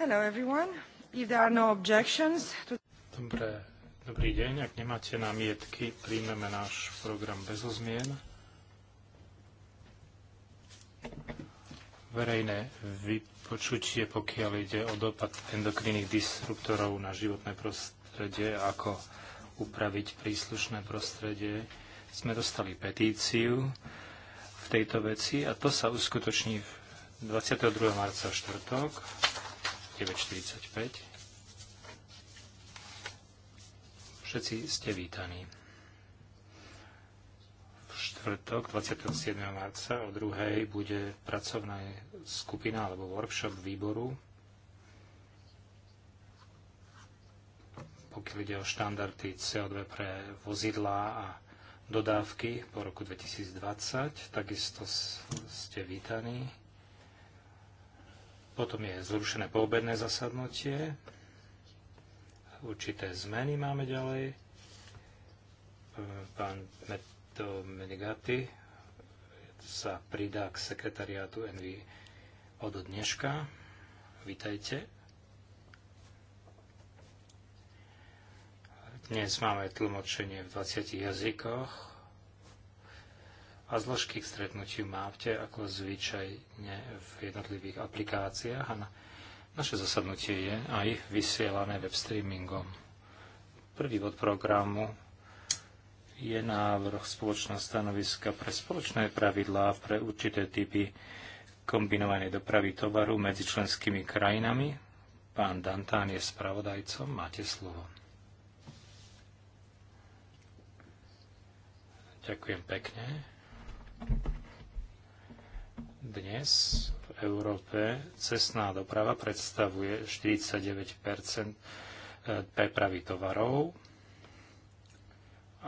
Hello everyone. If there are no objections to... Dobre, dobrý deň. Ak nemáte námietky, príjmeme náš program bez ozmien. Verejné vypočutie, pokiaľ ide o dopad endokrinných disruptorov na životné prostredie, ako upraviť príslušné prostredie, sme dostali petíciu v tejto veci a to sa uskutoční 22. marca v štvrtok 9.45. Všetci ste vítaní. V štvrtok 27. marca o druhej bude pracovná skupina alebo workshop výboru, pokiaľ ide o štandardy CO2 pre vozidlá a dodávky po roku 2020. Takisto ste vítaní. Potom je zrušené poobedné zasadnutie. Určité zmeny máme ďalej. Pán Meto Menigati sa pridá k sekretariátu NV od dneška. Vítajte. Dnes máme tlmočenie v 20 jazykoch a zložky k stretnutiu máte ako zvyčajne v jednotlivých aplikáciách a na, naše zasadnutie je aj vysielané web streamingom. Prvý bod programu je návrh spoločného stanoviska pre spoločné pravidlá pre určité typy kombinovanej dopravy tovaru medzi členskými krajinami. Pán Dantán je spravodajcom, máte slovo. Ďakujem pekne. Dnes v Európe cestná doprava predstavuje 49 e, prepravy tovarov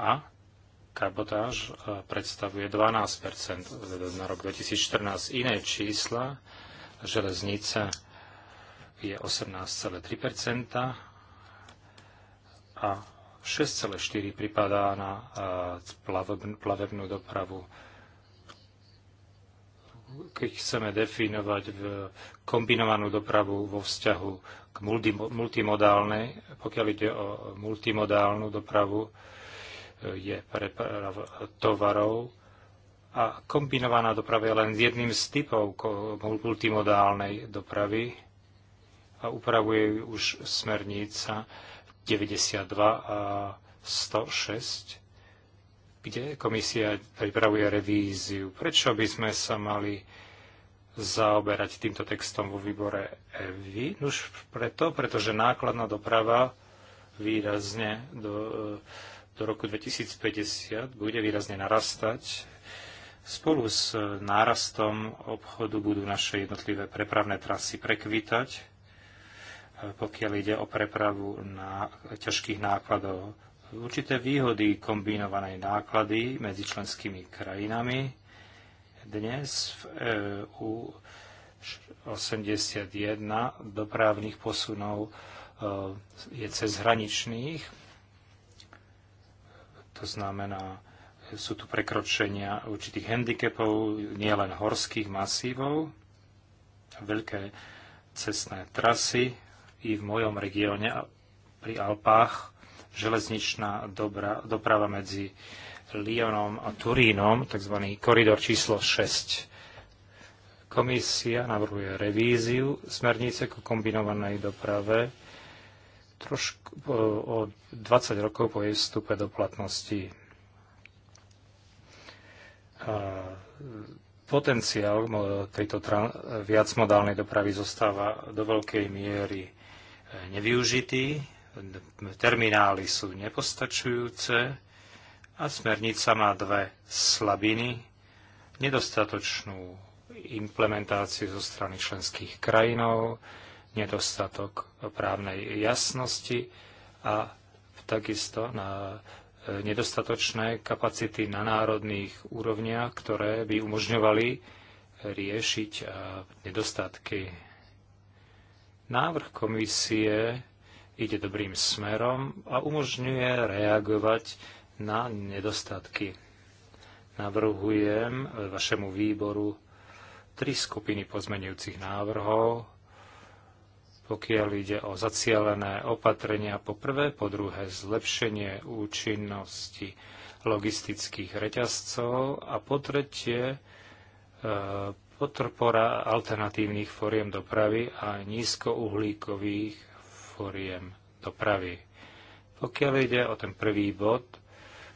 a kabotáž e, predstavuje 12 na rok 2014. Iné čísla železnica je 18,3 a 6,4 pripadá na e, plavebnú dopravu keď chceme definovať kombinovanú dopravu vo vzťahu k multimodálnej, pokiaľ ide o multimodálnu dopravu, e, je preprava tovarov a kombinovaná doprava je len jedným z typov multimodálnej dopravy a upravuje už smernica 92 a 106 kde komisia pripravuje revíziu. Prečo by sme sa mali zaoberať týmto textom vo výbore EVI? Už preto, pretože nákladná doprava výrazne do, do roku 2050 bude výrazne narastať. Spolu s nárastom obchodu budú naše jednotlivé prepravné trasy prekvitať, pokiaľ ide o prepravu na ťažkých nákladov určité výhody kombinovanej náklady medzi členskými krajinami. Dnes v EU 81 dopravných posunov e, je cezhraničných. To znamená, sú tu prekročenia určitých handicapov, nielen horských masívov, veľké cestné trasy i v mojom regióne pri Alpách železničná dobra, doprava medzi Lyonom a Turínom, tzv. koridor číslo 6. Komisia navrhuje revíziu smernice ku kombinovanej doprave trošku o 20 rokov po jej vstupe do platnosti. Potenciál tejto viacmodálnej dopravy zostáva do veľkej miery e, nevyužitý terminály sú nepostačujúce a smernica má dve slabiny, nedostatočnú implementáciu zo strany členských krajinov, nedostatok právnej jasnosti a takisto na e, nedostatočné kapacity na národných úrovniach, ktoré by umožňovali e, riešiť e, nedostatky. Návrh komisie ide dobrým smerom a umožňuje reagovať na nedostatky. Navrhujem vašemu výboru tri skupiny pozmenujúcich návrhov, pokiaľ ide o zacielené opatrenia po prvé, po druhé zlepšenie účinnosti logistických reťazcov a po tretie e, podpora alternatívnych foriem dopravy a nízkouhlíkových foriem dopravy. Pokiaľ ide o ten prvý bod,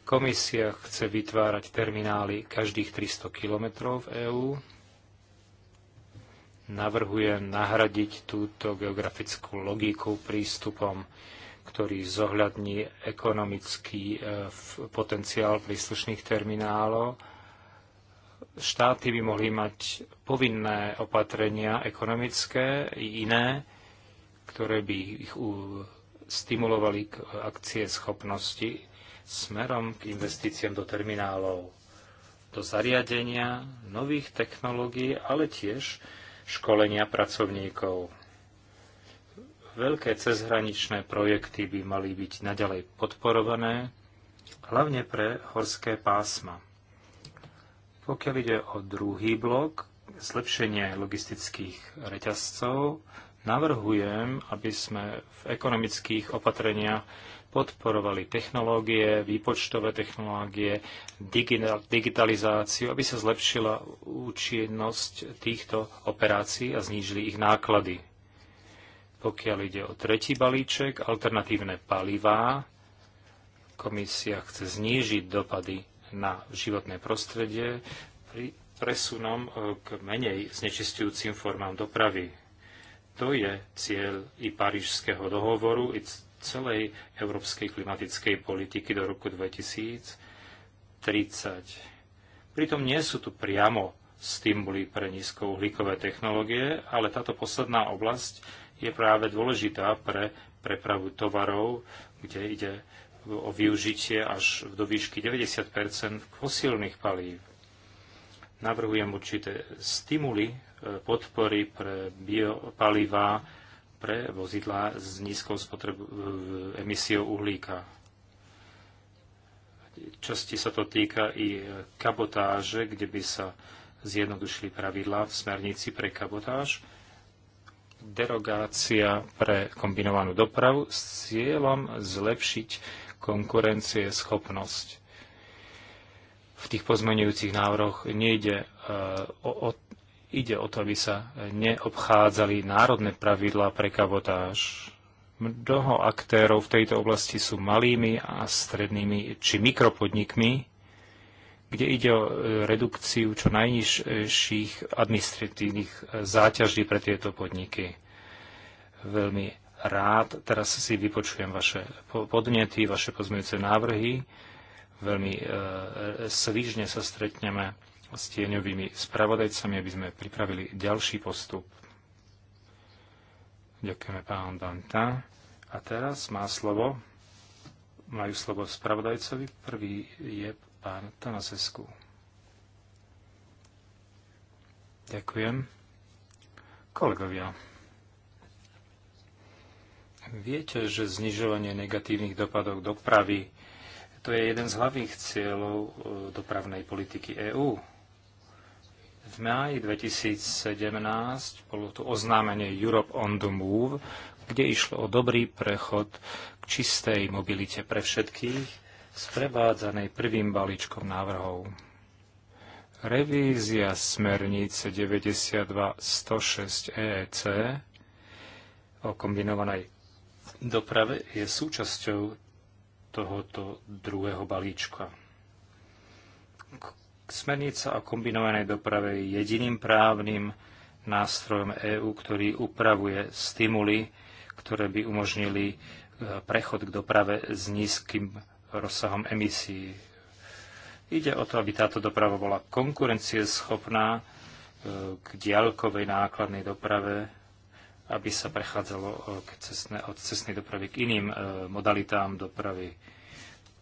komisia chce vytvárať terminály každých 300 km v EÚ. Navrhuje nahradiť túto geografickú logiku prístupom, ktorý zohľadní ekonomický e, potenciál príslušných terminálov. Štáty by mohli mať povinné opatrenia ekonomické i iné, ktoré by ich stimulovali k akcie schopnosti smerom k investíciám do terminálov, do zariadenia, nových technológií, ale tiež školenia pracovníkov. Veľké cezhraničné projekty by mali byť naďalej podporované, hlavne pre horské pásma. Pokiaľ ide o druhý blok, zlepšenie logistických reťazcov, Navrhujem, aby sme v ekonomických opatreniach podporovali technológie, výpočtové technológie, digitalizáciu, aby sa zlepšila účinnosť týchto operácií a znížili ich náklady. Pokiaľ ide o tretí balíček, alternatívne palivá, komisia chce znížiť dopady na životné prostredie pri presunom e, k menej znečistujúcim formám dopravy. To je cieľ i Parížského dohovoru, i celej európskej klimatickej politiky do roku 2030. Pritom nie sú tu priamo stimuly pre nízkouhlíkové technológie, ale táto posledná oblasť je práve dôležitá pre prepravu tovarov, kde ide o využitie až do výšky 90 fosílnych palív. Navrhujem určité stimuly podpory pre biopalivá pre vozidlá s nízkou spotrebu- emisiou uhlíka. Časti sa to týka i kabotáže, kde by sa zjednodušili pravidlá v smernici pre kabotáž, derogácia pre kombinovanú dopravu s cieľom zlepšiť konkurencie schopnosť. V tých pozmenujúcich návrhoch nejde e, o, o Ide o to, aby sa neobchádzali národné pravidlá pre kabotáž. Mnoho aktérov v tejto oblasti sú malými a strednými či mikropodnikmi, kde ide o redukciu čo najnižších administratívnych záťaží pre tieto podniky. Veľmi rád teraz si vypočujem vaše podnety, vaše pozmeňujúce návrhy. Veľmi e, svižne sa stretneme s tieňovými spravodajcami, aby sme pripravili ďalší postup. Ďakujeme pán Danta. A teraz má slovo, majú slovo spravodajcovi. Prvý je pán Tanasescu. Ďakujem. Kolegovia, viete, že znižovanie negatívnych dopadov dopravy to je jeden z hlavných cieľov eh, dopravnej politiky EÚ v máji 2017 bolo tu oznámenie Europe on the Move, kde išlo o dobrý prechod k čistej mobilite pre všetkých, sprevádzanej prvým balíčkom návrhov. Revízia smernice 92.106 EEC o kombinovanej doprave je súčasťou tohoto druhého balíčka Smernica o kombinovanej doprave je jediným právnym nástrojom EÚ, ktorý upravuje stimuly, ktoré by umožnili e, prechod k doprave s nízkym rozsahom emisí. Ide o to, aby táto doprava bola konkurencieschopná e, k diaľkovej nákladnej doprave, aby sa prechádzalo e, od cestnej dopravy k iným modalitám dopravy.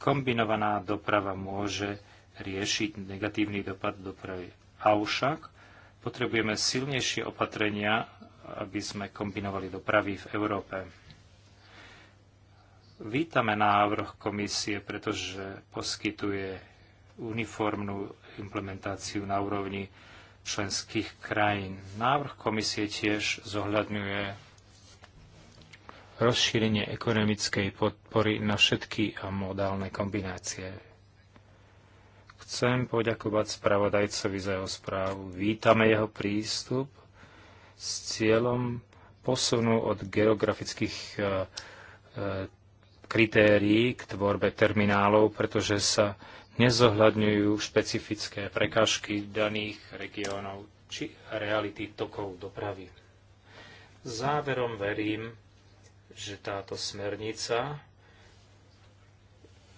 Kombinovaná doprava môže riešiť negatívny dopad dopravy. Avšak potrebujeme silnejšie opatrenia, aby sme kombinovali dopravy v Európe. Vítame návrh komisie, pretože poskytuje uniformnú implementáciu na úrovni členských krajín. Návrh komisie tiež zohľadňuje rozšírenie ekonomickej podpory na všetky modálne kombinácie Chcem poďakovať spravodajcovi za jeho správu. Vítame jeho prístup s cieľom posunu od geografických e, e, kritérií k tvorbe terminálov, pretože sa nezohľadňujú špecifické prekážky daných regiónov či reality tokov dopravy. Záverom verím, že táto smernica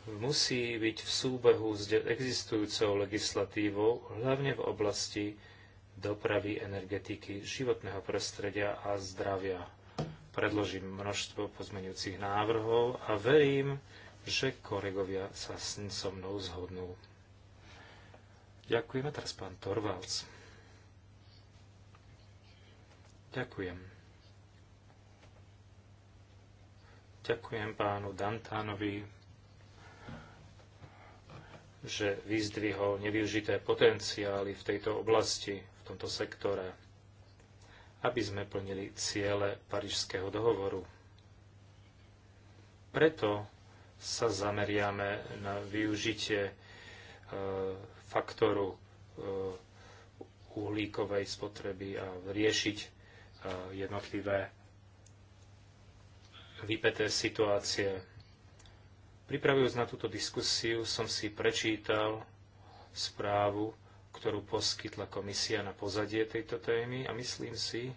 musí byť v súbehu s existujúcou legislatívou, hlavne v oblasti dopravy, energetiky, životného prostredia a zdravia. Predložím množstvo pozmenujúcich návrhov a verím, že kolegovia sa so mnou zhodnú. Ďakujeme teraz pán Torvalds. Ďakujem. Ďakujem pánu Dantánovi, že vyzdvihol nevyužité potenciály v tejto oblasti, v tomto sektore, aby sme plnili ciele Parížského dohovoru. Preto sa zameriame na využitie e, faktoru e, uhlíkovej spotreby a riešiť e, jednotlivé vypeté situácie Pripravujúc na túto diskusiu som si prečítal správu, ktorú poskytla komisia na pozadie tejto témy a myslím si,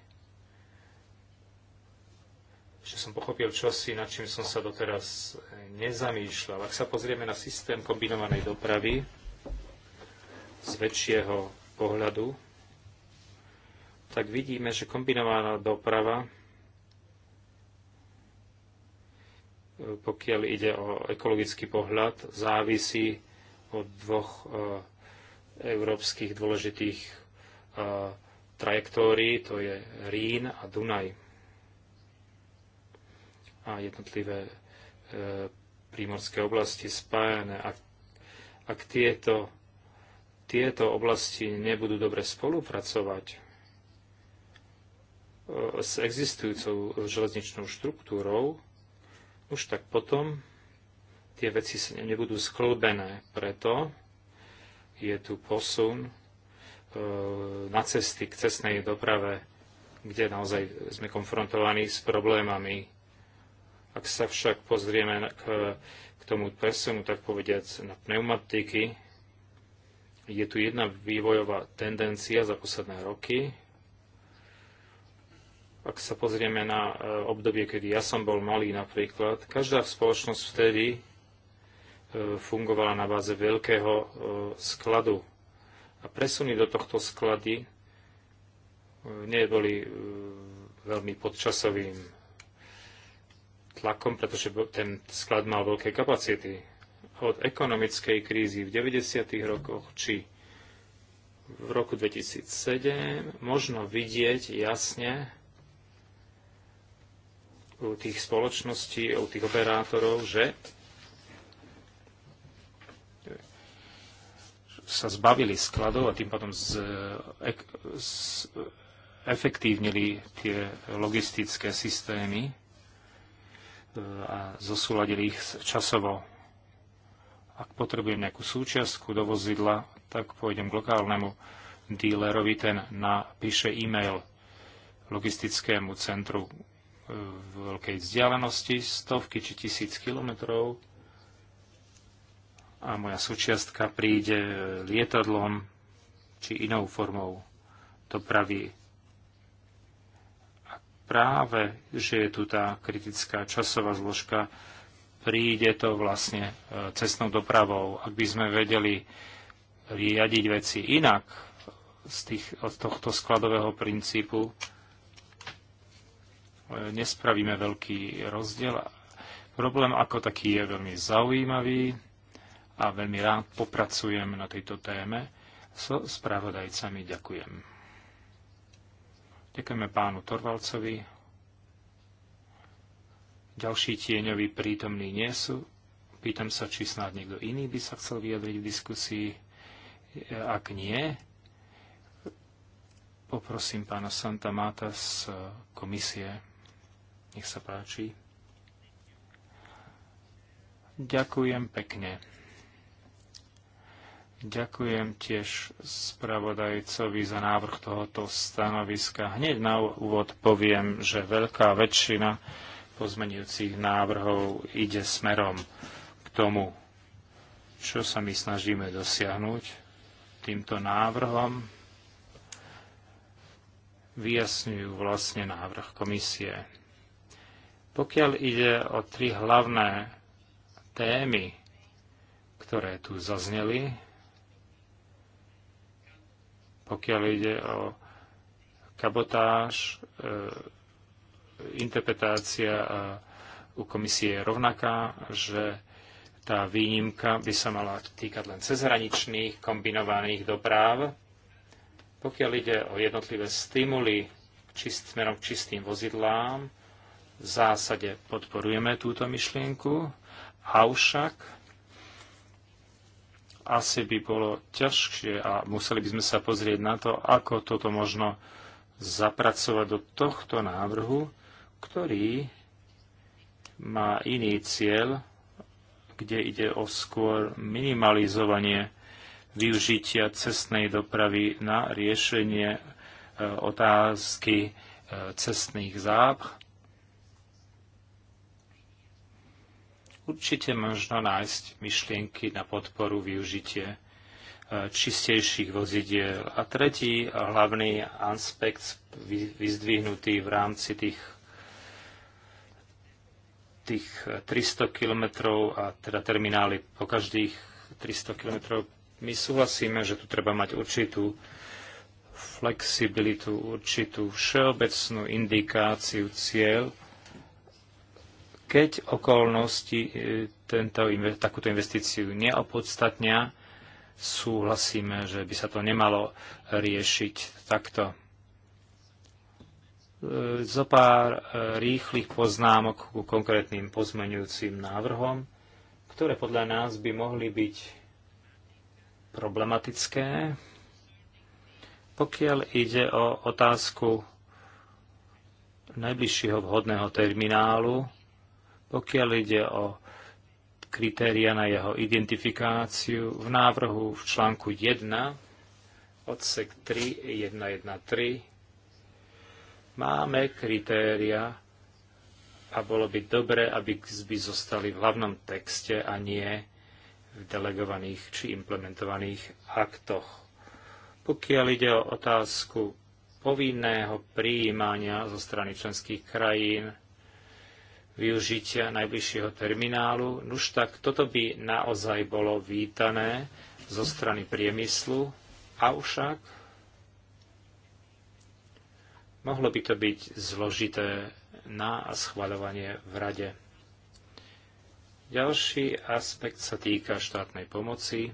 že som pochopil čosi, nad čím som sa doteraz nezamýšľal. Ak sa pozrieme na systém kombinovanej dopravy z väčšieho pohľadu, tak vidíme, že kombinovaná doprava pokiaľ ide o ekologický pohľad, závisí od dvoch e, európskych dôležitých e, trajektórií, to je Rín a Dunaj. A jednotlivé e, prímorské oblasti spájane. Ak, ak tieto, tieto oblasti nebudú dobre spolupracovať s existujúcou železničnou štruktúrou, už tak potom tie veci sa nebudú sklbené. Preto je tu posun e, na cesty k cestnej doprave, kde naozaj sme konfrontovaní s problémami. Ak sa však pozrieme k, k tomu presunu, tak povediac, na pneumatiky, je tu jedna vývojová tendencia za posledné roky, ak sa pozrieme na e, obdobie, kedy ja som bol malý napríklad, každá spoločnosť vtedy e, fungovala na báze veľkého e, skladu. A presuny do tohto sklady neboli veľmi podčasovým tlakom, pretože ten sklad mal veľké kapacity. Od ekonomickej krízy v 90. rokoch či v roku 2007 možno vidieť jasne, u tých spoločností, u tých operátorov, že sa zbavili skladov a tým potom z, ek, z, efektívnili tie logistické systémy e, a zosúladili ich časovo. Ak potrebujem nejakú súčiastku do vozidla, tak pôjdem k lokálnemu dílerovi, ten napíše e-mail logistickému centru, v veľkej vzdialenosti, stovky či tisíc kilometrov a moja súčiastka príde lietadlom či inou formou dopravy. A práve, že je tu tá kritická časová zložka, príde to vlastne e, cestnou dopravou. Ak by sme vedeli riadiť veci inak z tých, od tohto skladového princípu, E, nespravíme veľký rozdiel. Problém ako taký je veľmi zaujímavý a veľmi rád popracujem na tejto téme so spravodajcami. Ďakujem. Ďakujeme pánu Torvalcovi. Ďalší tieňoví prítomní nie sú. Pýtam sa, či snáď niekto iný by sa chcel vyjadriť v diskusii. E, ak nie, poprosím pána Santa Mata z e, komisie. Nech sa páči. Ďakujem pekne. Ďakujem tiež spravodajcovi za návrh tohoto stanoviska. Hneď na úvod poviem, že veľká väčšina pozmenujúcich návrhov ide smerom k tomu, čo sa my snažíme dosiahnuť týmto návrhom. Vyjasňujú vlastne návrh komisie. Pokiaľ ide o tri hlavné témy, ktoré tu zazneli, pokiaľ ide o kabotáž, e, interpretácia e, u komisie je rovnaká, že tá výnimka by sa mala týkať len cezhraničných kombinovaných dopráv, Pokiaľ ide o jednotlivé stimuly k smerom k čistým vozidlám, v zásade podporujeme túto myšlienku, avšak asi by bolo ťažšie a museli by sme sa pozrieť na to, ako toto možno zapracovať do tohto návrhu, ktorý má iný cieľ, kde ide o skôr minimalizovanie využitia cestnej dopravy na riešenie e, otázky e, cestných zápch Určite možno nájsť myšlienky na podporu využitie e, čistejších vozidiel. A tretí hlavný aspekt vyzdvihnutý v rámci tých tých 300 kilometrov a teda terminály po každých 300 kilometrov. My súhlasíme, že tu treba mať určitú flexibilitu, určitú všeobecnú indikáciu cieľ, keď okolnosti e, tento, takúto investíciu neopodstatnia, súhlasíme, že by sa to nemalo riešiť takto. E, Zopár e, rýchlych poznámok ku konkrétnym pozmeňujúcim návrhom, ktoré podľa nás by mohli byť problematické, pokiaľ ide o otázku najbližšieho vhodného terminálu pokiaľ ide o kritéria na jeho identifikáciu, v návrhu v článku 1, odsek 3, 1.1.3, máme kritéria a bolo by dobre, aby by zostali v hlavnom texte a nie v delegovaných či implementovaných aktoch. Pokiaľ ide o otázku povinného prijímania zo strany členských krajín, využitia najbližšieho terminálu. Nuž tak toto by naozaj bolo vítané zo strany priemyslu, avšak mohlo by to byť zložité na schvaľovanie v rade. Ďalší aspekt sa týka štátnej pomoci.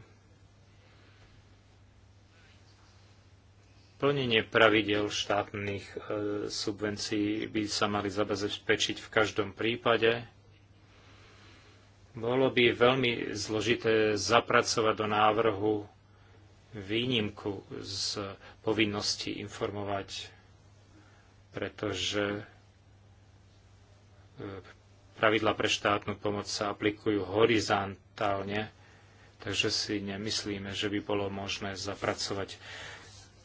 Plnenie pravidel štátnych e, subvencií by sa mali zabezpečiť v každom prípade. Bolo by veľmi zložité zapracovať do návrhu výnimku z povinnosti informovať, pretože e, pravidla pre štátnu pomoc sa aplikujú horizontálne, takže si nemyslíme, že by bolo možné zapracovať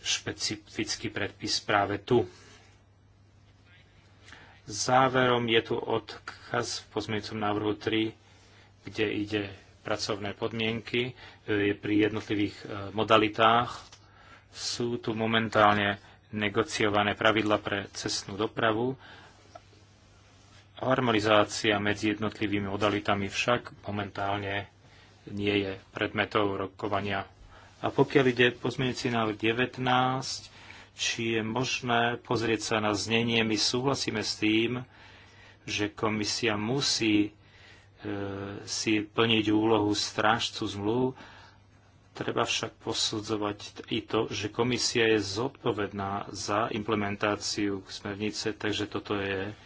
špecifický predpis práve tu. Záverom je tu odkaz v pozmeňujúcom návrhu 3, kde ide pracovné podmienky e, je pri jednotlivých e, modalitách. Sú tu momentálne negociované pravidla pre cestnú dopravu. Harmonizácia medzi jednotlivými modalitami však momentálne nie je predmetou rokovania a pokiaľ ide pozmeňujúci návrh 19, či je možné pozrieť sa na znenie, my súhlasíme s tým, že komisia musí e, si plniť úlohu strážcu zmluv. Treba však posudzovať i to, že komisia je zodpovedná za implementáciu smernice, takže toto je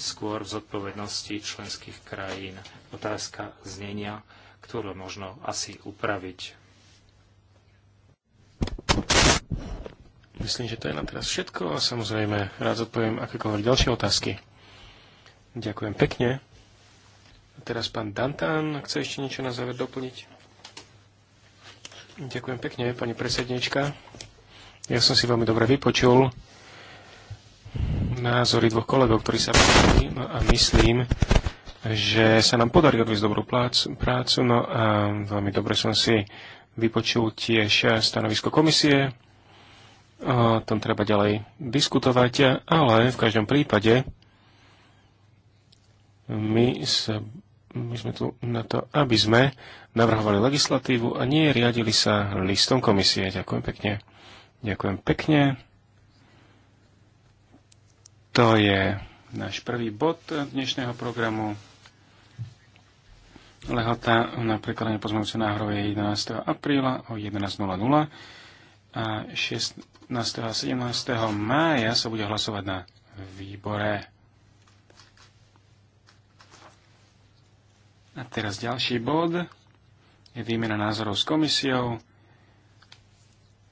skôr v zodpovednosti členských krajín. Otázka znenia, ktorú možno asi upraviť. Myslím, že to je na teraz všetko a samozrejme rád zodpoviem akékoľvek ďalšie otázky. Ďakujem pekne. A teraz pán Dantán, chce ešte niečo na záver doplniť? Ďakujem pekne, pani predsednička. Ja som si veľmi dobre vypočul názory dvoch kolegov, ktorí sa vyjadrili no a myslím, že sa nám podarí odviesť dobrú prácu. No a veľmi dobre som si vypočul tiež stanovisko komisie, O tom treba ďalej diskutovať, ale v každom prípade my, sa, my sme tu na to, aby sme navrhovali legislatívu a nie riadili sa listom komisie. Ďakujem pekne. Ďakujem pekne. To je náš prvý bod dnešného programu. Lehota na prekladanie pozmeňujúceho návrhu je 11. apríla o 11.00 a 16. a 17. mája sa bude hlasovať na výbore. A teraz ďalší bod je výmena názorov s komisiou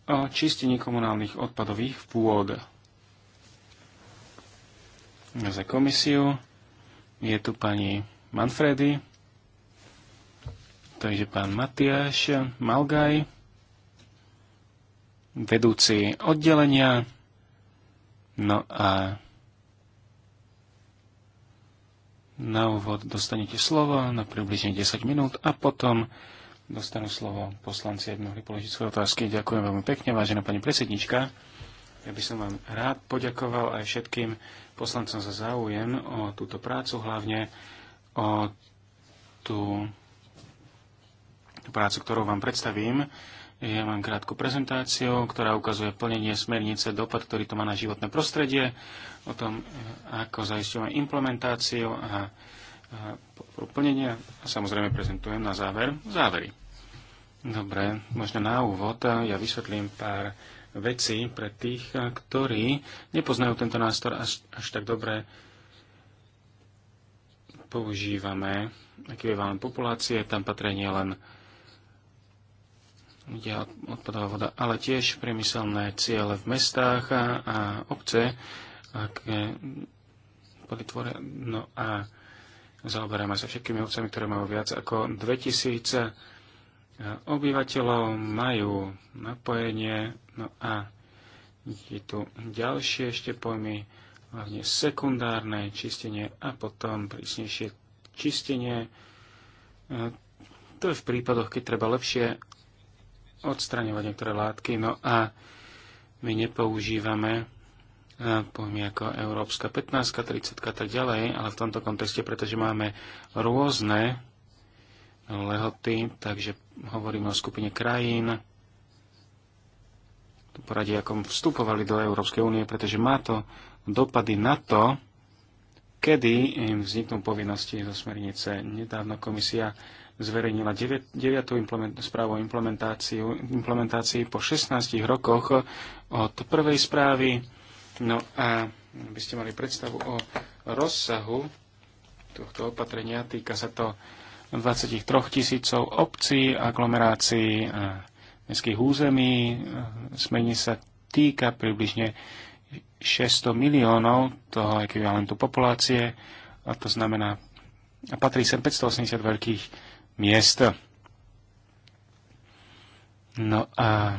o čistení komunálnych odpadových pôd. Za komisiu je tu pani Manfredy, takže pán Matiáš Malgaj, vedúci oddelenia. No a na úvod dostanete slovo na približne 10 minút a potom dostanú slovo poslanci, aby mohli položiť svoje otázky. Ďakujem veľmi pekne, vážená pani predsednička. Ja by som vám rád poďakoval aj všetkým poslancom za záujem o túto prácu, hlavne o tú prácu, ktorú vám predstavím ja mám krátku prezentáciu, ktorá ukazuje plnenie smernice, dopad, ktorý to má na životné prostredie, o tom, eh, ako zaistíme implementáciu a, a plnenie. A samozrejme prezentujem na záver závery. Dobre, možno na úvod eh, ja vysvetlím pár vecí pre tých, eh, ktorí nepoznajú tento nástroj až, až tak dobre. Používame ekvivalent populácie, tam patrí nielen len kde odpadová voda, ale tiež priemyselné ciele v mestách a, a obce, aké e, poditvoria, no a zaoberáme sa všetkými obcami, ktoré majú viac ako 2000 e, obyvateľov, majú napojenie, no a je tu ďalšie ešte pojmy, hlavne sekundárne čistenie a potom prísnejšie čistenie. E, to je v prípadoch, keď treba lepšie odstraňovať niektoré látky. No a my nepoužívame e, pojmy ako Európska 15, 30 a tak ďalej, ale v tomto kontexte, pretože máme rôzne lehoty, takže hovoríme o skupine krajín, poradí, ako vstupovali do Európskej únie, pretože má to dopady na to, kedy im vzniknú povinnosti zo smernice. Nedávno komisia zverejnila 9. Implement- správu o implementácii po 16 rokoch od prvej správy. No a by ste mali predstavu o rozsahu tohto opatrenia. Týka sa to 23 tisícov obcí, aglomerácií a mestských území. Smení sa týka približne 600 miliónov toho ekvivalentu populácie a to znamená a patrí sem 580 veľkých miesto. No a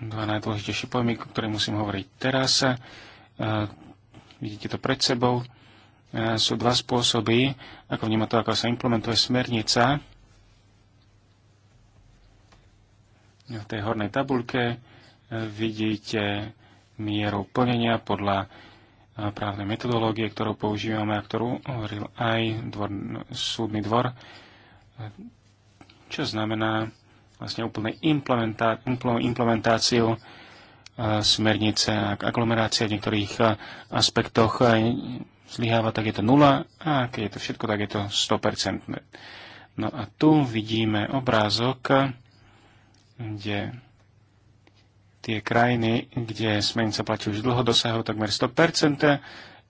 dva najdôležitejšie pojmy, o ktorých musím hovoriť teraz. Vidíte to pred sebou. Sú dva spôsoby, ako vníma to, ako sa implementuje smernica. V tej hornej tabulke e, vidíte mieru plnenia podľa právnej metodológie, ktorú používame a ktorú hovoril aj dvor, súdny dvor, čo znamená vlastne úplne implementá, implementáciu e, smernice a aglomerácia v niektorých e, aspektoch e, zlyháva, tak je to nula a keď je to všetko, tak je to 100%. No a tu vidíme obrázok, kde tie krajiny, kde smernica platí už dlho, dosahu, takmer 100%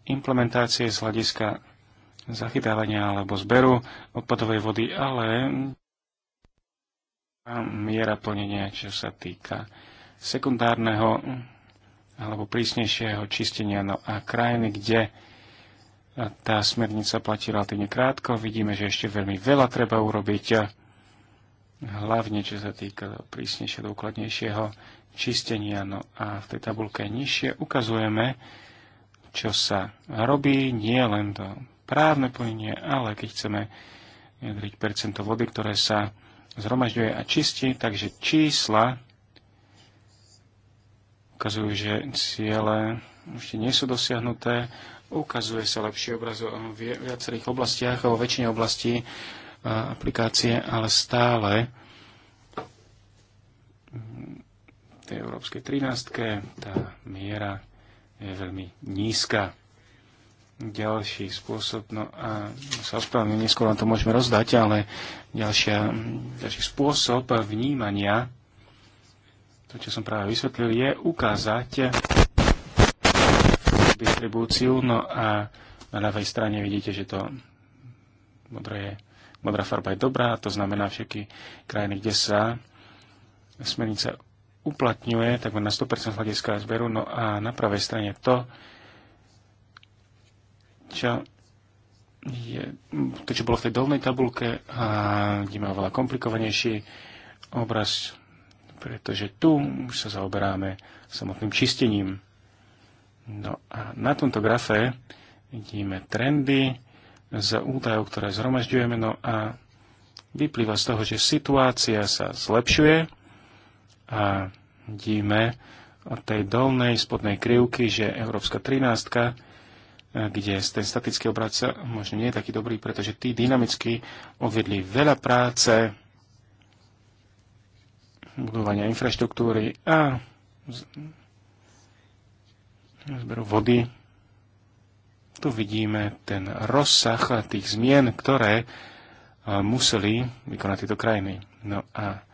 implementácie z hľadiska zachytávania alebo zberu odpadovej vody, ale miera plnenia, čo sa týka sekundárneho alebo prísnejšieho čistenia. No a krajiny, kde tá smernica platí relatívne krátko, vidíme, že ešte veľmi veľa treba urobiť, hlavne čo sa týka prísnejšieho, dôkladnejšieho čistenia. No a v tej tabulke nižšie ukazujeme, čo sa robí, nie len to právne plnenie, ale keď chceme vyjadriť percento vody, ktoré sa zhromažďuje a čistí, takže čísla ukazujú, že ciele ešte nie sú dosiahnuté, ukazuje sa lepší obraz v viacerých oblastiach, o väčšine oblastí e, aplikácie, ale stále tej európskej 13. Tá miera je veľmi nízka. Ďalší spôsob, no a sa ospravedlňujem, neskôr vám to môžeme rozdať, ale ďalšia, ďalší spôsob vnímania, to, čo som práve vysvetlil, je ukázať distribúciu, no a na ľavej strane vidíte, že to modré je, modrá farba je dobrá, to znamená všetky krajiny, kde sa smernica uplatňuje takmer na 100% hľadiska zberu, no a na pravej strane to, čo je, to, čo bolo v tej dolnej tabulke, a kde má oveľa komplikovanejší obraz, pretože tu už sa zaoberáme samotným čistením. No a na tomto grafe vidíme trendy za údajov, ktoré zhromažďujeme, no a vyplýva z toho, že situácia sa zlepšuje, a vidíme od tej dolnej spodnej krivky, že Európska 13, e, kde ten statický obraz možno nie je taký dobrý, pretože tí dynamicky odvedli veľa práce, budovania infraštruktúry a zberu vody. Tu vidíme ten rozsah tých zmien, ktoré e, museli vykonať tieto krajiny. No a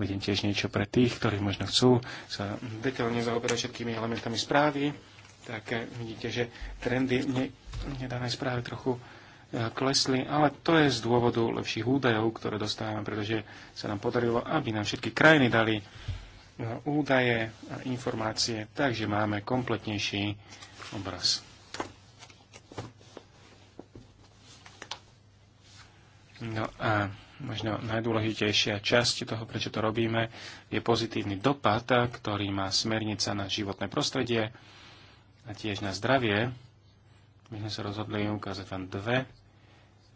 uvidím tiež niečo pre tých, ktorí možno chcú sa detailne zaoberať všetkými elementami správy. Tak eh, vidíte, že trendy ne, nedanej správy trochu eh, klesli, ale to je z dôvodu lepších údajov, ktoré dostávame, pretože sa nám podarilo, aby nám všetky krajiny dali eh, údaje a informácie, takže máme kompletnejší obraz. No a možno najdôležitejšia časť toho, prečo to robíme, je pozitívny dopad, ktorý má smernica na životné prostredie a tiež na zdravie. My sme sa rozhodli ukázať vám dve,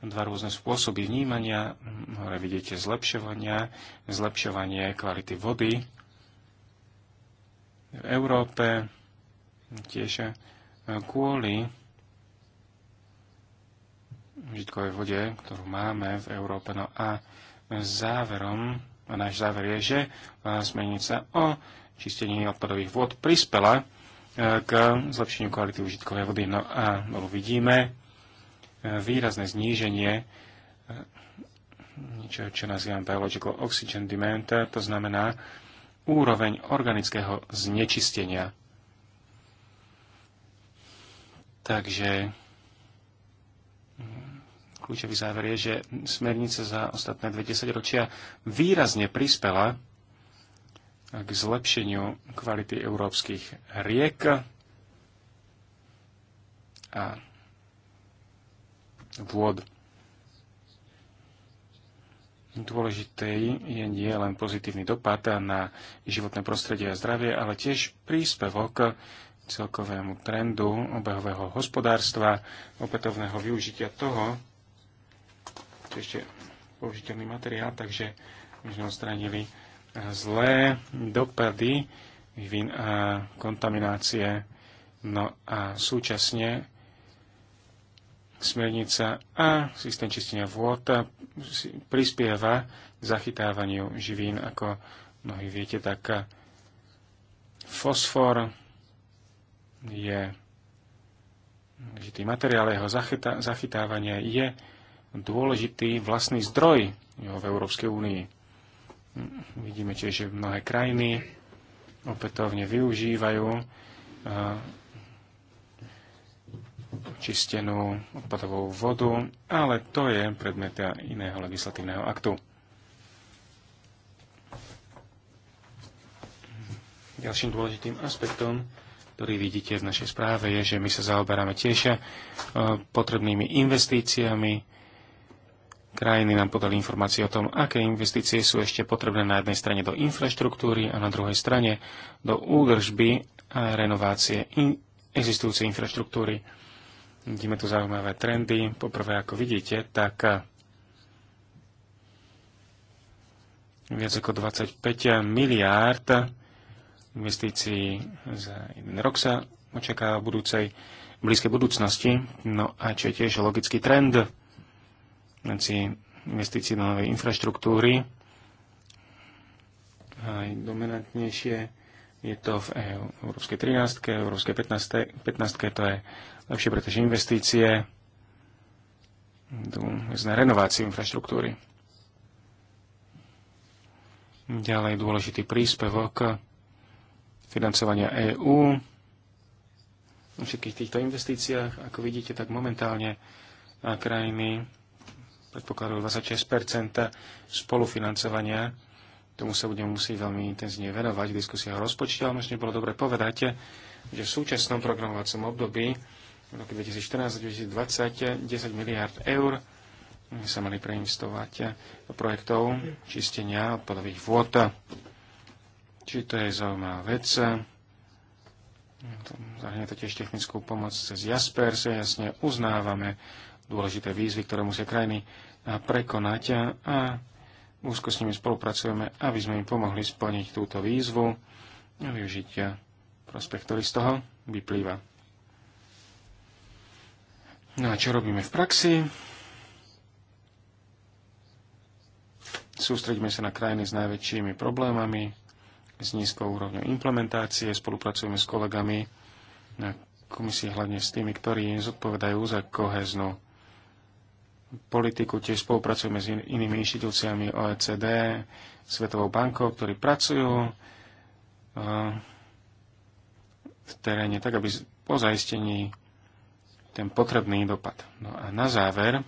dva rôzne spôsoby vnímania. Hore vidíte zlepšovania, zlepšovanie kvality vody v Európe, tiež kvôli žitkovej vode, ktorú máme v Európe. No a záverom, a náš záver je, že smernica o čistení odpadových vôd prispela e, k zlepšeniu kvality užitkovej vody. No a dolu vidíme e, výrazné zníženie e, niečo, čo nazývam biological oxygen demand, to znamená úroveň organického znečistenia. Takže Kľúčový záver je, že smernica za ostatné 20 ročia výrazne prispela k zlepšeniu kvality európskych riek a vôd. Dôležitý je nie len pozitívny dopad na životné prostredie a zdravie, ale tiež príspevok k celkovému trendu obehového hospodárstva, opätovného využitia toho, ešte použiteľný materiál, takže my sme odstránili eh, zlé dopady vývin a kontaminácie. No a súčasne smernica a systém čistenia vôd prispieva k zachytávaniu živín, ako mnohí viete, tak fosfor je dôležitý materiál, jeho zachytávanie je dôležitý vlastný zdroj v Európskej únii. Vidíme tiež, že mnohé krajiny opätovne využívajú čistenú odpadovú vodu, ale to je predmet iného legislatívneho aktu. Ďalším dôležitým aspektom, ktorý vidíte v našej správe, je, že my sa zaoberáme tiež potrebnými investíciami krajiny nám podali informácie o tom, aké investície sú ešte potrebné na jednej strane do infraštruktúry a na druhej strane do údržby a renovácie in- existujúcej infraštruktúry. Vidíme tu zaujímavé trendy. Poprvé, ako vidíte, tak eh, viac ako 25 miliárd investícií za jeden rok sa očakáva v budúcej, v blízkej budúcnosti. No a čo je tiež logický trend, medzi investícií do novej infraštruktúry. Aj dominantnejšie je to v e, Európskej 13, Európskej 15, 15 to je lepšie, pretože investície idú na renováciu infraštruktúry. Ďalej dôležitý príspevok financovania EÚ. V všetkých týchto investíciách, ako vidíte, tak momentálne krajiny predpokladajú 26 spolufinancovania. Tomu sa budeme musieť veľmi intenzívne venovať v diskusiách o rozpočte, ale možno bolo dobre povedať, že v súčasnom programovacom období v roku 2014-2020 10 miliard eur sa mali preinvestovať do projektov čistenia odpadových vôd. Či to je zaujímavá vec. Zahrňa to tiež technickú pomoc cez Jasper, sa Jasne uznávame dôležité výzvy, ktoré musia krajiny prekonať a, a úzko s nimi spolupracujeme, aby sme im pomohli splniť túto výzvu a využiť prospech, ktorý z toho vyplýva. No a čo robíme v praxi? Sústreďme sa na krajiny s najväčšími problémami, s nízkou úrovňou implementácie, spolupracujeme s kolegami na komisii, hlavne s tými, ktorí zodpovedajú za koheznú politiku, tiež spolupracujeme s inými inštitúciami OECD, Svetovou bankou, ktorí pracujú e, v teréne tak, aby po zaistení ten potrebný dopad. No a na záver,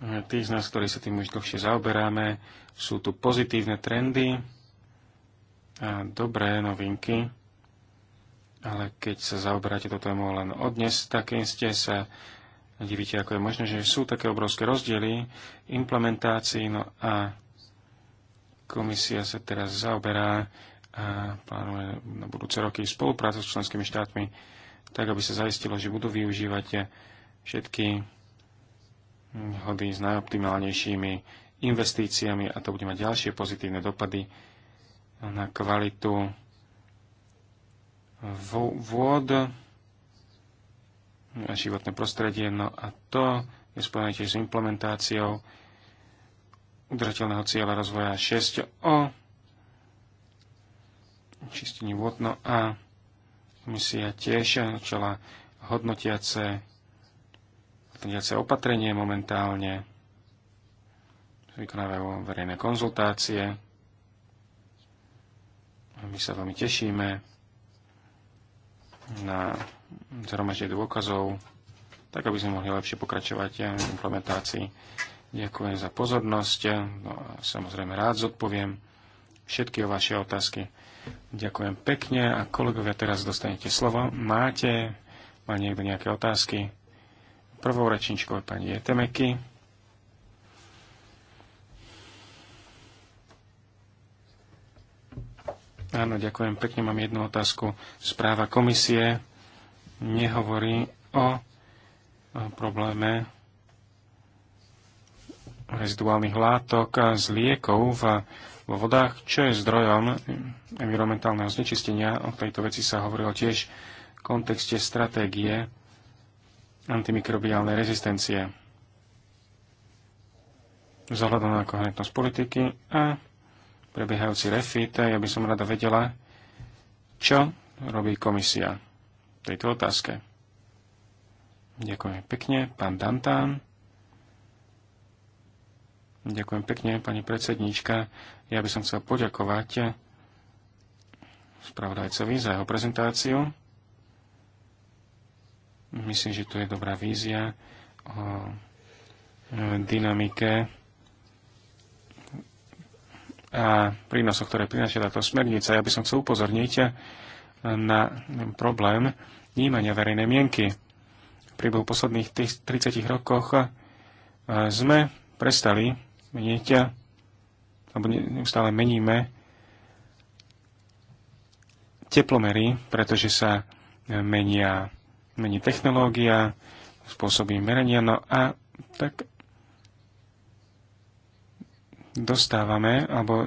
e, tí z nás, ktorí sa tým už dlhšie zaoberáme, sú tu pozitívne trendy a dobré novinky, ale keď sa zaoberáte do tému len odnes, tak ste sa divíte, ako je možné, že sú také obrovské rozdiely implementácií. No a komisia sa teraz zaoberá a plánuje na budúce roky spoluprácu s členskými štátmi, tak aby sa zaistilo, že budú využívať všetky hody s najoptimálnejšími investíciami a to bude mať ďalšie pozitívne dopady na kvalitu vôd, a životné prostredie. No a to je spojené tiež s implementáciou udržateľného cieľa rozvoja 6O, čistení vôd, no a komisia tiež začala hodnotiace, hodnotiace opatrenie momentálne, vykonávajú verejné konzultácie. My sa veľmi tešíme na zhromaždenie dôkazov, tak aby sme mohli lepšie pokračovať v implementácii. Ďakujem za pozornosť. No a samozrejme rád zodpoviem všetky o vaše otázky. Ďakujem pekne a kolegovia, teraz dostanete slovo. Máte, má niekto nejaké otázky? Prvou rečničkou je pani Jetemeky. Áno, ďakujem pekne. Mám jednu otázku. Správa komisie nehovorí o probléme reziduálnych látok z liekov v, vo vodách, čo je zdrojom environmentálneho znečistenia. O tejto veci sa hovorilo tiež v kontexte stratégie antimikrobiálnej rezistencie. Zahľadom na koherentnosť politiky a prebiehajúci refit, ja by som rada vedela, čo robí komisia tejto otázke. Ďakujem pekne, pán Dantán. Ďakujem pekne, pani predsednička. Ja by som chcel poďakovať spravodajcovi za jeho prezentáciu. Myslím, že tu je dobrá vízia o e, dynamike a prínosoch, ktoré prináša táto smernica. Ja by som chcel upozorniť na problém vnímania verejnej mienky. V priebehu posledných 30 rokoch e, sme prestali meniť, alebo neustále meníme teplomery, pretože sa menia, mení technológia, spôsoby merania, no a tak dostávame, alebo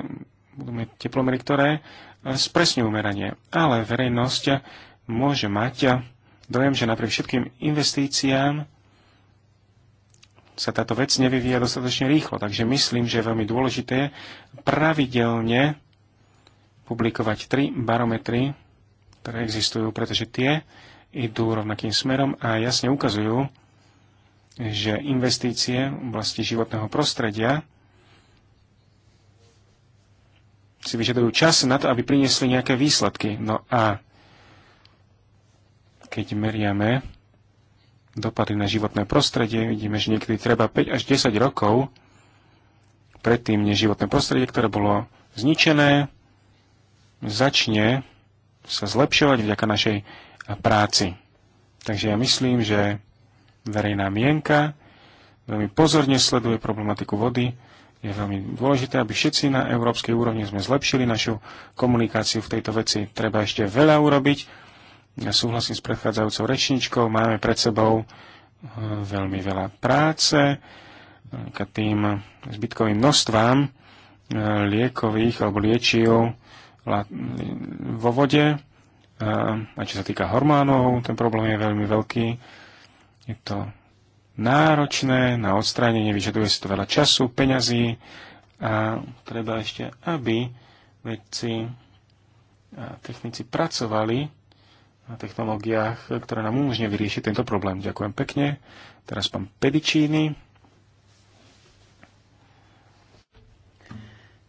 budeme teplomery, ktoré spresňujú meranie. Ale verejnosť môže mať dojem, že napriek všetkým investíciám sa táto vec nevyvíja dostatočne rýchlo. Takže myslím, že je veľmi dôležité pravidelne publikovať tri barometry, ktoré existujú, pretože tie idú rovnakým smerom a jasne ukazujú, že investície v oblasti životného prostredia si vyžadujú čas na to, aby priniesli nejaké výsledky. No a keď meriame dopady na životné prostredie, vidíme, že niekedy treba 5 až 10 rokov predtým, než životné prostredie, ktoré bolo zničené, začne sa zlepšovať vďaka našej práci. Takže ja myslím, že verejná mienka veľmi pozorne sleduje problematiku vody je veľmi dôležité, aby všetci na európskej úrovni sme zlepšili našu komunikáciu v tejto veci. Treba ešte veľa urobiť. Ja súhlasím s predchádzajúcou rečničkou. Máme pred sebou eh, veľmi veľa práce k tým zbytkovým množstvám eh, liekových alebo liečiv vo vode. Eh, a čo sa týka hormónov, ten problém je veľmi veľký. Je to náročné na odstránenie, vyžaduje si to veľa času, peňazí a treba ešte, aby vedci a technici pracovali na technológiách, ktoré nám umožňujú vyriešiť tento problém. Ďakujem pekne. Teraz pán Pedičíny.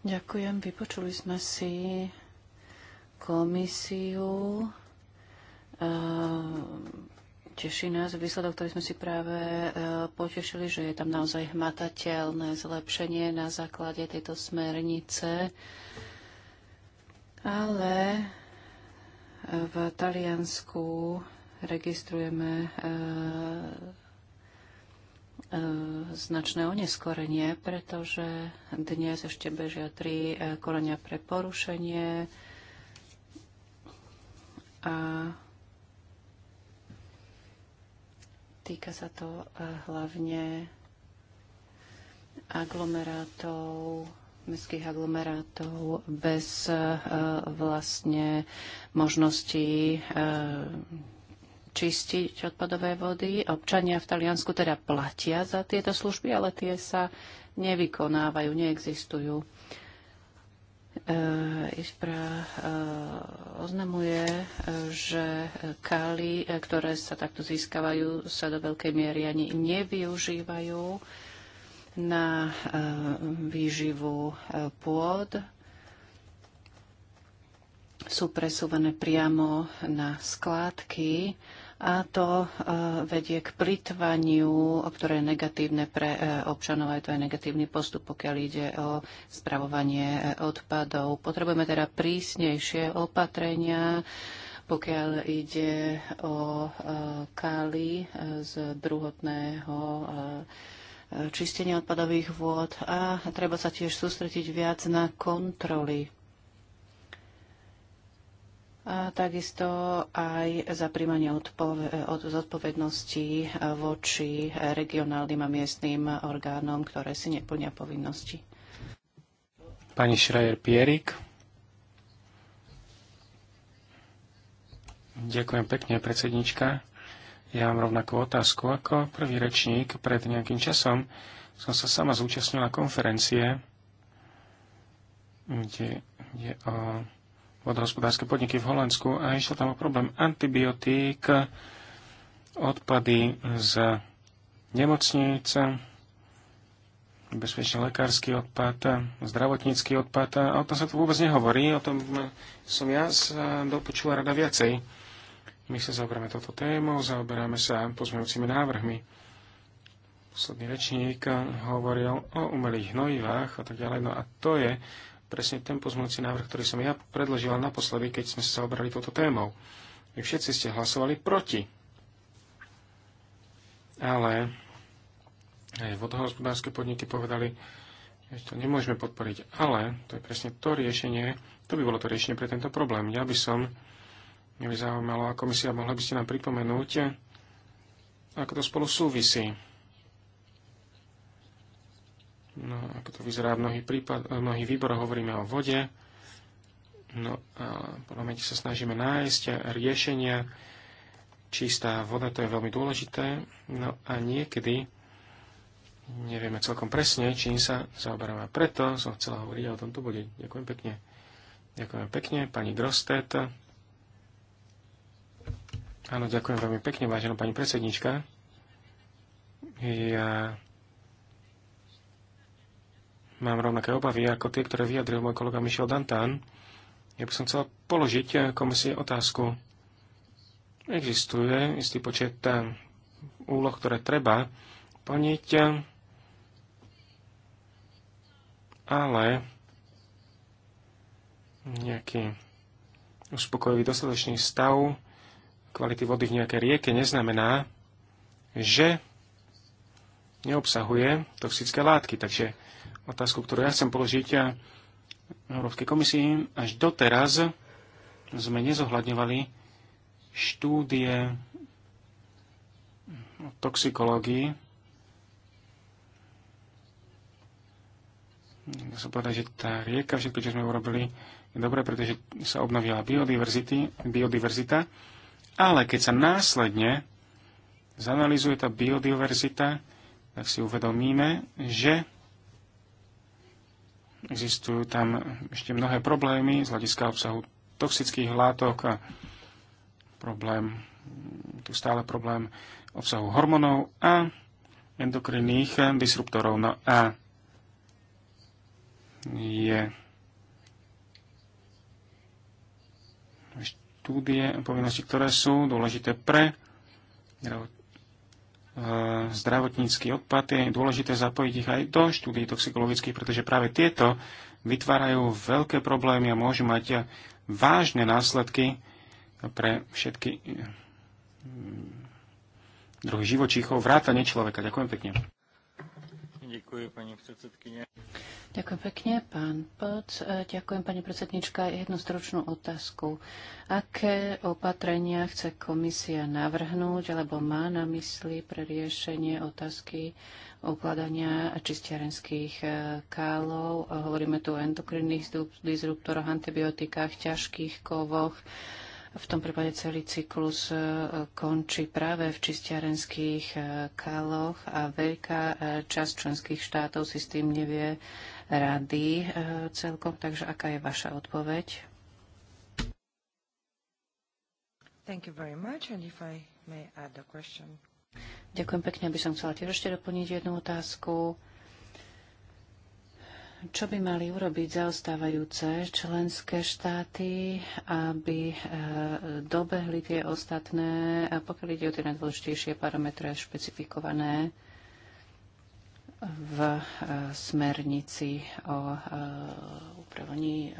Ďakujem. Vypočuli sme si komisiu eh, Teší nás výsledok, ktorý sme si práve e, potešili, že je tam naozaj hmatateľné zlepšenie na základe tejto smernice. Ale e, v Taliansku registrujeme e, značné oneskorenie, pretože dnes ešte bežia tri konania pre porušenie a Týka sa to eh, hlavne aglomerátov, mestských aglomerátov bez eh, vlastne možností eh, čistiť odpadové vody. Občania v Taliansku teda platia za tieto služby, ale tie sa nevykonávajú, neexistujú. Eh, ISPRA eh, oznamuje, eh, že kály, ktoré sa takto získavajú, sa do veľkej miery ani nevyužívajú na výživu pôd. Sú presúvané priamo na skládky, a to e, vedie k plitvaniu, ktoré je negatívne pre e, občanov, aj to je negatívny postup, pokiaľ ide o spravovanie e, odpadov. Potrebujeme teda prísnejšie opatrenia, pokiaľ ide o kali z druhotného čistenia odpadových vôd a treba sa tiež sústrediť viac na kontroly a takisto aj za príjmanie od zodpovednosti e, voči regionálnym a miestnym orgánom, ktoré si neplnia povinnosti. Pani Šrajer-Pierik. Ďakujem pekne, predsednička. Ja mám rovnakú otázku ako prvý rečník. Pred nejakým časom som sa sama zúčastnila konferencie, kde je o vodohospodárske podniky v Holandsku a išlo tam o problém antibiotík, odpady z nemocnice, bezpečný lekársky odpad, zdravotnícky odpad. A o tom sa tu vôbec nehovorí, o tom som ja sa dopočula rada viacej. My sa zaoberáme touto tému, zaoberáme sa pozmeňujúcimi návrhmi. Posledný rečník hovoril o umelých hnojivách a tak ďalej. No a to je presne ten pozmúci návrh, ktorý som ja predložila naposledy, keď sme sa zaobrali touto témou. Vy všetci ste hlasovali proti. Ale aj vodohospodárske podniky povedali, že to nemôžeme podporiť. Ale to je presne to riešenie, to by bolo to riešenie pre tento problém. Ja by som, mňa by zaujímalo, a komisia, mohla by ste nám pripomenúť, ako to spolu súvisí. No, ako to vyzerá v mnohých, prípad, v mnohých výboroch, hovoríme o vode. No a v parlamente sa snažíme nájsť riešenia. Čistá voda, to je veľmi dôležité. No a niekedy nevieme celkom presne, čím sa zaoberáme. Preto som chcela hovoriť o tomto bode. Ďakujem pekne. Ďakujem pekne, pani Grostet. Áno, ďakujem veľmi pekne, vážená pani predsednička. Ja mám rovnaké obavy ako tie, ktoré vyjadril môj kolega Michel Dantán. Ja by som chcel položiť komisie otázku. Existuje istý počet eh, úloh, ktoré treba plniť, eh, ale nejaký uspokojivý dostatočný stav kvality vody v nejakej rieke neznamená, že neobsahuje toxické látky. Takže otázku, ktorú ja chcem položiť eh, Európskej komisii. Až doteraz sme nezohľadňovali štúdie o toxikológii. Dá sa povedať, že tá rieka, všetko, čo sme urobili, je dobré, pretože sa obnovila biodiverzita, ale keď sa následne zanalizuje tá biodiverzita, tak si uvedomíme, že Existujú tam ešte mnohé problémy z hľadiska obsahu toxických látok, problém, tu stále problém obsahu hormónov a endokrinných disruptorov. No a je štúdie povinnosti, ktoré sú dôležité pre E, zdravotnícky odpad, je dôležité zapojiť ich aj do štúdií toxikologických, pretože práve tieto vytvárajú veľké problémy a môžu mať vážne následky pre všetky e, druhých živočíchov, vrátane človeka. Ďakujem pekne. Ďakujem, pani predsedkynia. Ďakujem pekne, pán Poc. E, ďakujem, pani predsednička. Jednu stručnú otázku. Aké opatrenia chce komisia navrhnúť alebo má na mysli pre riešenie otázky ukladania čistiarenských e, kálov? Hovoríme tu o endokrinných disruptoroch, antibiotikách, ťažkých kovoch v tom prípade celý cyklus e, končí práve v čistiarenských e, kaloch a veľká e, časť členských štátov si s tým nevie rady celkom. Takže aká je vaša odpoveď? Thank you very much. And if I may add a question. Ďakujem pekne, aby som chcela tiež ešte doplniť jednu otázku. Uh, čo by mali urobiť zaostávajúce členské štáty, aby e, dobehli tie ostatné, a pokiaľ ide o tie najdôležitejšie parametre špecifikované v e, smernici o e, upravení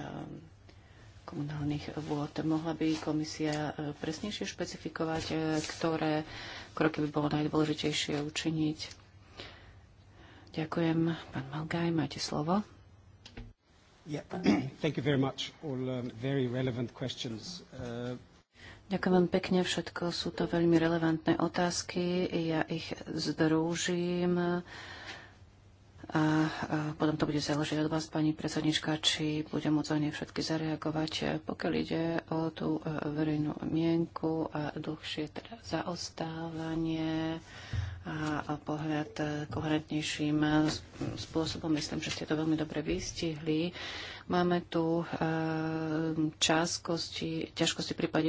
komunálnych vôd. Mohla by komisia presnejšie špecifikovať, ktoré kroky by bolo najdôležitejšie učiniť? Ďakujem. Pán Malgaj, máte slovo. Um, uh, Ďakujem vám pekne, všetko sú to veľmi relevantné otázky. Ja ich združím. A, potom to bude záležiť od vás, pani predsednička, či bude môcť na ne všetky zareagovať, pokiaľ ide o tú e, verejnú mienku a dlhšie teda zaostávanie a pohľad e, koherentnejším e, spôsobom. Myslím, že ste to veľmi dobre vystihli. Máme tu e, časkosti, ťažkosti v prípade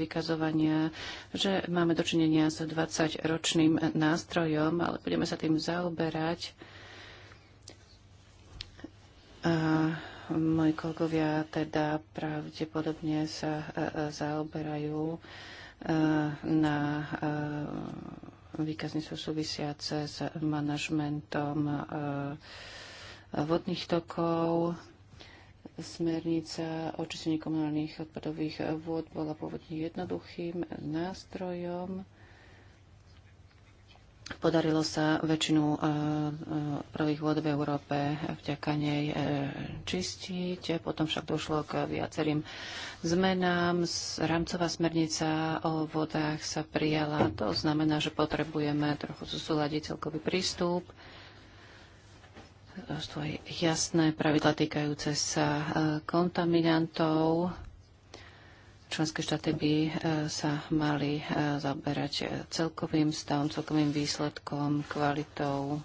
vykazovania, že máme dočinenia s 20-ročným nástrojom, ale budeme sa tým zaoberať. A moji kolegovia teda pravdepodobne sa zaoberajú na sú súvisiace s manažmentom e, vodných tokov. Smernica o čistení komunálnych odpadových vôd bola pôvodne jednoduchým nástrojom, Podarilo sa väčšinu e, e, prvých vôd v Európe vďaka nej e, čistiť. Potom však došlo k viacerým zmenám. Rámcová smernica o vodách sa prijala. To znamená, že potrebujeme trochu zosúľadiť celkový prístup jasné pravidla týkajúce sa kontaminantov Členské štáty by e, sa mali e, zaberať e, celkovým stavom, celkovým výsledkom, kvalitou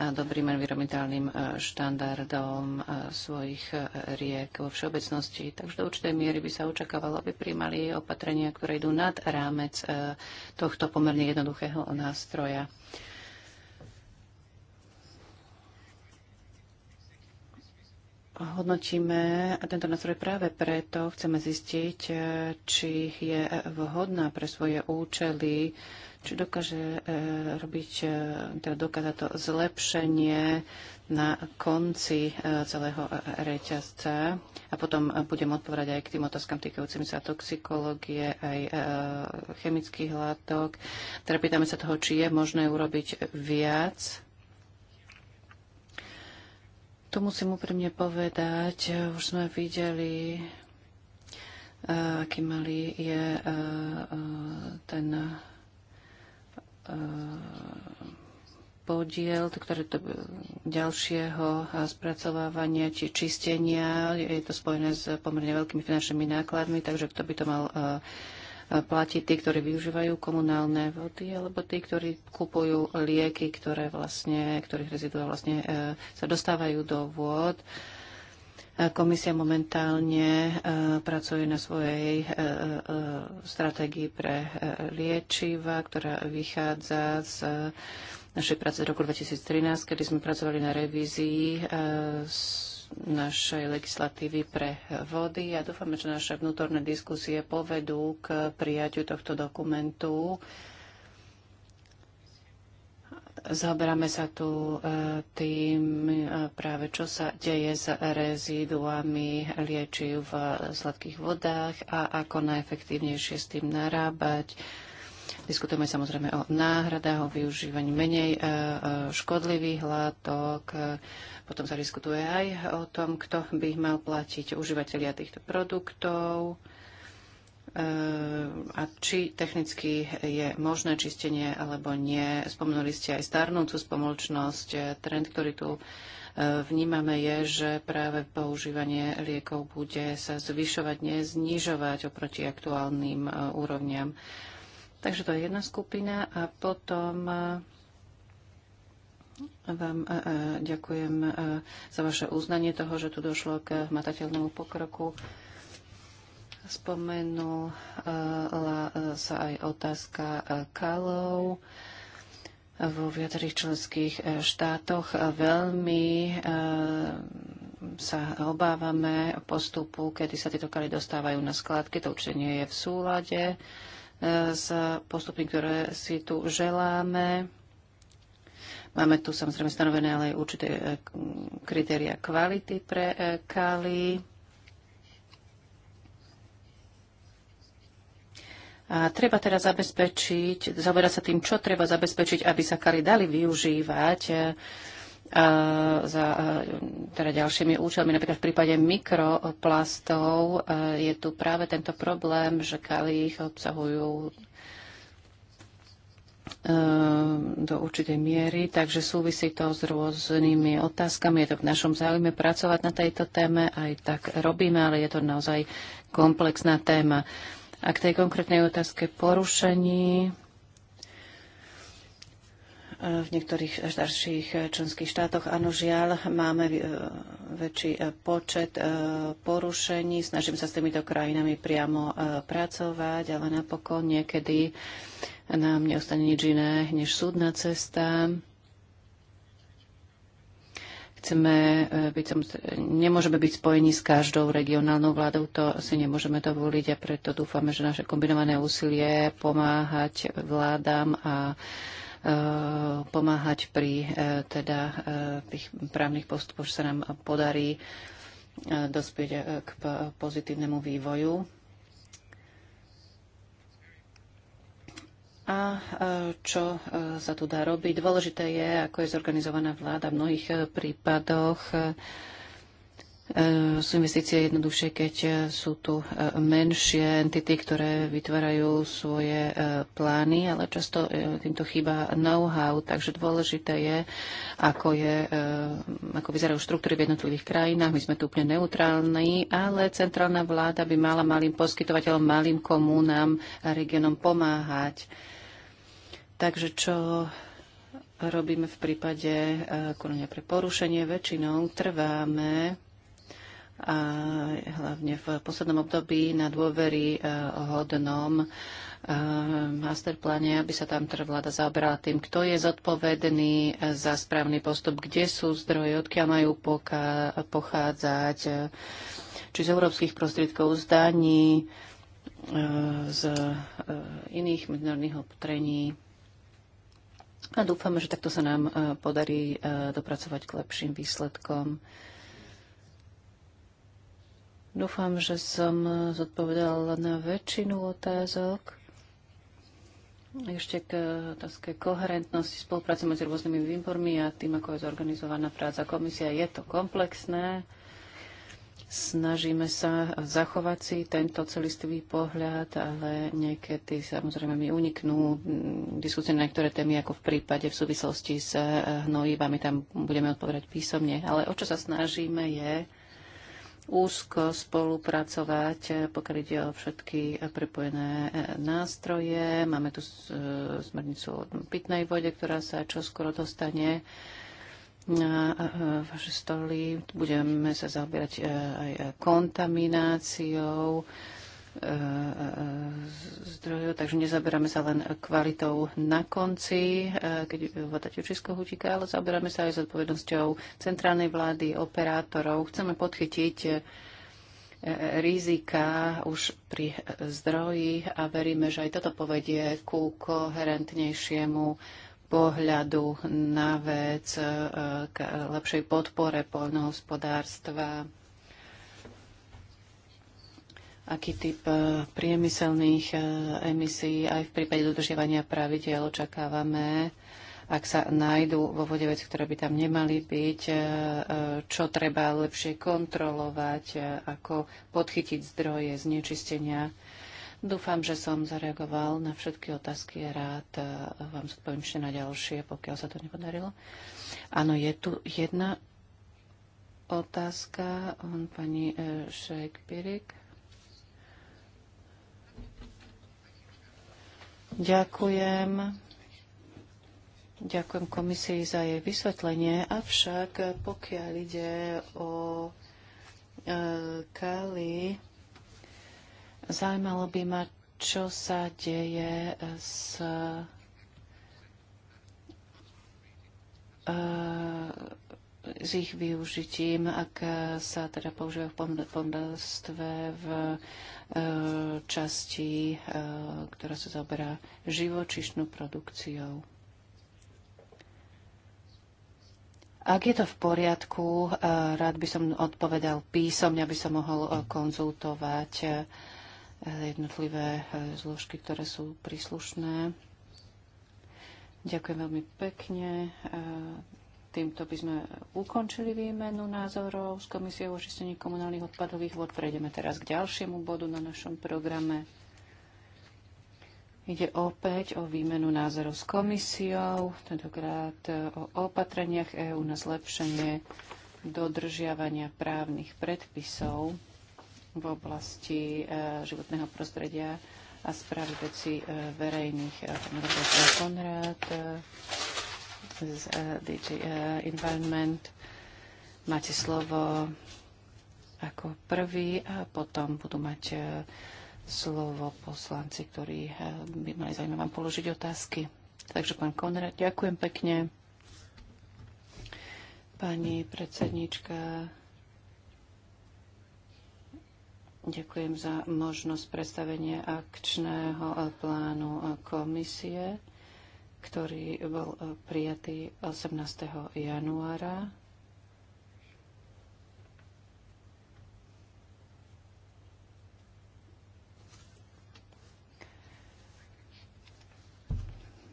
a dobrým environmentálnym štandardom svojich riek vo všeobecnosti. Takže do určitej miery by sa očakávalo, aby príjmali opatrenia, ktoré idú nad rámec tohto pomerne jednoduchého nástroja. hodnotíme tento nástroj práve preto, chceme zistiť, eh, či je vhodná pre svoje účely, či dokáže eh, robiť, eh, teda dokáza to zlepšenie na konci celého reťazca a potom budem odpovedať aj k tým otázkam týkajúcim sa toxikológie, aj chemických látok. Teda pýtame sa toho, či je možné urobiť viac tu musím úprimne povedať, e, už sme videli, e, aký malý je e, ten podiel ktoré to, ďalšieho spracovávania či čistenia. Je to spojené s pomerne veľkými finančnými nákladmi, takže kto by to mal uh, platiť tí, ktorí využívajú komunálne vody, alebo tí, ktorí kupujú lieky, ktoré vlastne, ktorých rezidua vlastne e, sa dostávajú do vôd. E, komisia momentálne e, pracuje na svojej stratégii pre liečiva, ktorá vychádza z našej práce z roku 2013, kedy sme pracovali na revízii našej legislatívy pre vody a ja dúfame, že naše vnútorné diskusie povedú k prijatiu tohto dokumentu. Zoberáme sa tu e, tým e, práve, čo sa deje s reziduami liečiv v sladkých vodách a ako najefektívnejšie s tým narábať Diskutujeme samozrejme o náhradách, o využívaní menej e, e, škodlivých látok. E, potom sa diskutuje aj o tom, kto by mal platiť užívateľia týchto produktov a či technicky je možné čistenie alebo nie. Spomenuli ste aj starnúcu spomočnosť. Trend, ktorý tu vnímame, je, že práve používanie liekov bude sa zvyšovať, neznižovať oproti aktuálnym úrovniam. Takže to je jedna skupina a potom e, vám e, e, ďakujem za vaše uznanie toho, že tu došlo k matateľnému pokroku. Spomenula sa aj otázka kalov vo viacerých členských štátoch. Veľmi sa obávame postupu, kedy sa tieto kaly dostávajú na skladky. To určite nie je v súlade s postupmi, ktoré si tu želáme. Máme tu samozrejme stanovené ale aj určité e, kritéria kvality pre e, kali. A treba teraz zabezpečiť, zaoberať sa tým, čo treba zabezpečiť, aby sa kali dali využívať e, za teda ďalšími účelmi. Napríklad v prípade mikroplastov je tu práve tento problém, že kali ich obsahujú do určitej miery, takže súvisí to s rôznymi otázkami. Je to v našom záujme pracovať na tejto téme, aj tak robíme, ale je to naozaj komplexná téma. A k tej konkrétnej otázke porušení v niektorých starších členských štátoch. Áno, žiaľ, máme e, väčší e, počet e, porušení. Snažím sa s týmito krajinami priamo pracovať, ale napokon niekedy nám neostane nič iné než súdna cesta. Chceme byť, nemôžeme byť spojení s každou regionálnou vládou, to si nemôžeme dovoliť a preto dúfame, že naše kombinované úsilie pomáhať vládam a Eh, pomáhať pri eh, teda eh, tých právnych postupoch, že sa nám podarí dospieť k pozitívnemu vývoju. A čo sa tu dá robiť? Dôležité je, ako je zorganizovaná vláda v mnohých prípadoch. E, sú investície jednoduchšie, keď e, sú tu e, menšie entity, ktoré vytvárajú svoje plány, ale často týmto chýba know-how, takže dôležité je, ako, je, ako vyzerajú štruktúry v jednotlivých krajinách. My sme tu úplne neutrálni, ale centrálna vláda by mala malým poskytovateľom, malým komunám a regionom pomáhať. Takže čo robíme v prípade konania pre porušenie? Väčšinou trváme a hlavne v poslednom období na dôvery e, hodnom e, masterpláne, aby sa tam teda vláda zaoberala tým, kto je zodpovedný e, za správny postup, kde sú zdroje, odkiaľ majú pochádzať, či z európskych prostriedkov, z daní, z iných medzinárodných opatrení. A dúfame, že takto sa nám podarí dopracovať k lepším výsledkom. Dúfam, že som zodpovedal na väčšinu otázok. Ešte k otázke koherentnosti spolupráce medzi rôznymi výbormi a tým, ako je zorganizovaná práca komisia. Je to komplexné. Snažíme sa zachovať si tento celistvý pohľad, ale niekedy samozrejme mi uniknú diskusie na niektoré témy, ako v prípade v súvislosti s hnojivami. Tam budeme odpovedať písomne. Ale o čo sa snažíme je, úzko spolupracovať, eh, pokiaľ ide o všetky eh, prepojené eh, nástroje. Máme tu smernicu o pitnej vode, ktorá sa čoskoro dostane na vaše stoly. Budeme sa zaoberať aj kontamináciou E, e, e, zdrojov, takže nezaberáme sa len kvalitou na konci, keď voda tečisko utíka, ale zaberáme sa aj s odpovednosťou centrálnej vlády, operátorov. Chceme podchytiť rizika už pri zdroji a veríme, že aj toto povedie ku koherentnejšiemu pohľadu na vec, k lepšej podpore poľnohospodárstva aký typ e, priemyselných e, emisí aj v prípade dodržiavania pravidel očakávame, ak sa nájdú vo vode veci, ktoré by tam nemali byť, e, čo treba lepšie kontrolovať, ako podchytiť zdroje znečistenia. Dúfam, že som zareagoval na všetky otázky a rád vám zodpoviem ešte na ďalšie, pokiaľ sa to nepodarilo. Áno, je tu jedna otázka, pani Šejk Pirik. Ďakujem. Ďakujem komisii za jej vysvetlenie, avšak pokiaľ ide o e, Kali, zaujímalo by ma, čo sa deje s e, s ich využitím, ak sa teda používajú v pomodlstve v e, časti, e, ktorá sa zaoberá živočišnú produkciou. Ak je to v poriadku, e, rád by som odpovedal písomne, aby som mohol konzultovať jednotlivé zložky, ktoré sú príslušné. Ďakujem veľmi pekne. Týmto by sme ukončili výmenu názorov s Komisiou o čistení komunálnych odpadových vod. Prejdeme teraz k ďalšiemu bodu na našom programe. Ide opäť o výmenu názorov s komisiou, tentokrát o opatreniach EÚ na zlepšenie dodržiavania právnych predpisov v oblasti e, životného prostredia a správy veci e, verejných. E, pán Robert Konrad, z eh, DG eh, Environment. Máte slovo ako prvý a potom budú mať eh, slovo poslanci, ktorí by mali záujem vám položiť otázky. Takže pán Konrad, ďakujem pekne. Pani predsednička, Ďakujem za možnosť predstavenia akčného plánu komisie ktorý bol e, prijatý 18. januára.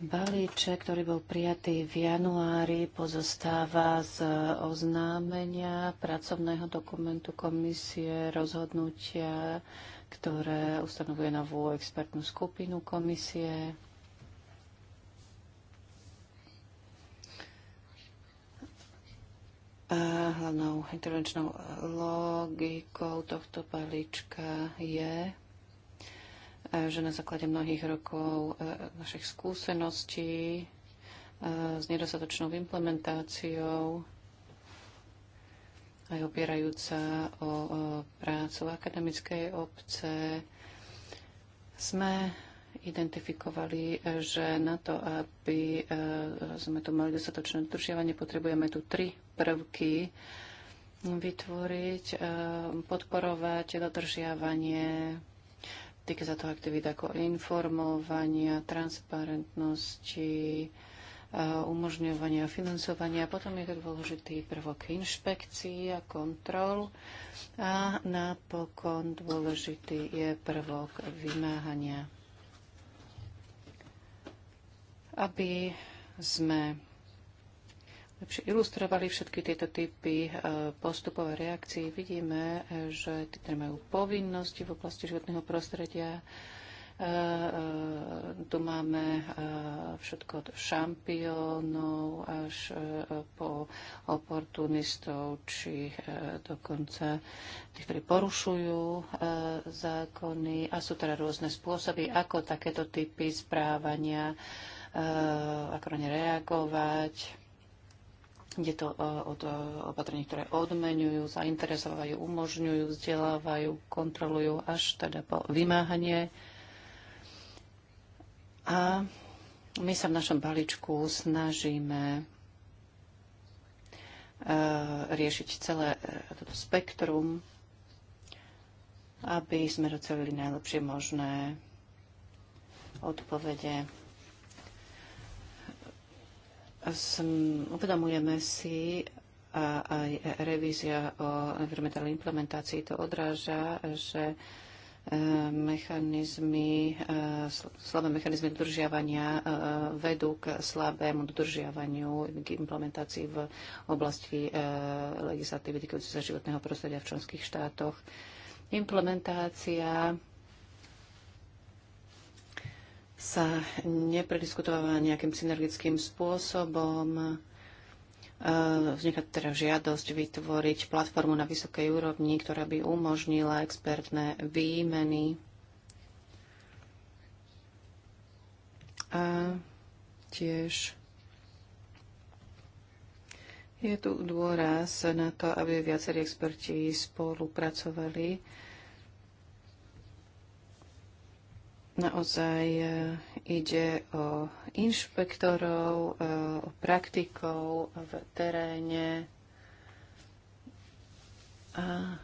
Balíček, ktorý bol prijatý v januári, pozostáva z oznámenia pracovného dokumentu komisie, rozhodnutia, ktoré ustanovuje novú expertnú skupinu komisie, hlavnou intervenčnou logikou tohto palička je, e, že na základe mnohých rokov e, našich skúseností e, s nedostatočnou implementáciou aj opierajúca o prácu akademickej obce, sme identifikovali, že na to, aby sme tu mali dostatočné dodržiavanie, potrebujeme tu tri prvky vytvoriť, e, podporovať dodržiavanie týka sa toho aktivít ako informovania, transparentnosti, e, umožňovania financovania. Potom je to dôležitý prvok inšpekcií a kontrol. A napokon dôležitý je prvok vymáhania. Aby sme lepšie ilustrovali všetky tieto typy e, postupové reakcií, vidíme, e, že tí, majú povinnosti v oblasti životného prostredia, e, tu máme všetko od šampiónov až po oportunistov, či dokonca tých, ktorí porušujú zákony. A sú teda rôzne spôsoby, ako takéto typy správania, ako na ne reagovať je to e, od e, opatrení, ktoré odmenujú, zainteresovajú, umožňujú, vzdelávajú, kontrolujú až teda po vymáhanie. A my sa v našom balíčku snažíme e, riešiť celé toto spektrum, aby sme docelili najlepšie možné odpovede uvedomujeme si, a aj revízia o environmentálnej implementácii to odráža, že e, mechanizmy, e, slabé mechanizmy dodržiavania e, vedú k slabému dodržiavaniu k implementácii v oblasti legislatívy týkajúcej sa životného prostredia v členských štátoch. Implementácia sa neprediskutováva nejakým synergickým spôsobom. E, vzniká teda žiadosť vytvoriť platformu na vysokej úrovni, ktorá by umožnila expertné výmeny. A tiež je tu dôraz na to, aby viacerí experti spolupracovali Naozaj e, ide o inšpektorov, e, o praktikov v teréne. A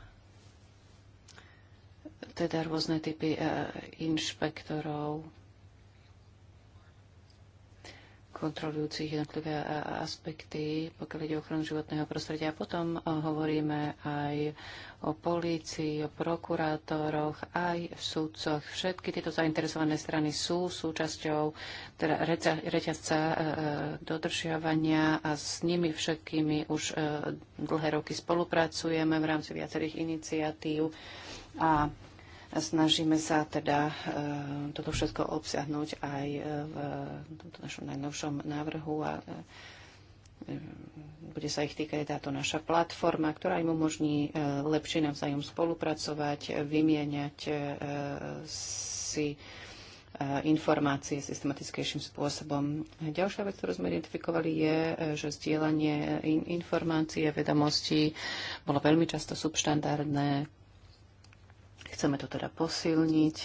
teda rôzne typy e, inšpektorov, kontrolujúcich jednotlivé aspekty, pokiaľ ide o ochranu životného prostredia. A potom eh, hovoríme aj o polícii, o prokurátoroch, aj v súdcoch. Všetky tieto zainteresované strany sú súčasťou teda reťazca eh, eh, dodržiavania a s nimi všetkými už dlhé roky spolupracujeme v rámci viacerých iniciatív a Snažíme sa teda eh, toto všetko obsiahnuť aj eh, v tomto našom najnovšom návrhu a eh, bude sa ich týkať táto naša platforma, ktorá im umožní lepšie navzájom spolupracovať, vymieňať si informácie systematickejším spôsobom. Ďalšia vec, ktorú sme identifikovali, je, že zdieľanie informácií a vedomostí bolo veľmi často subštandardné Chceme to teda posilniť.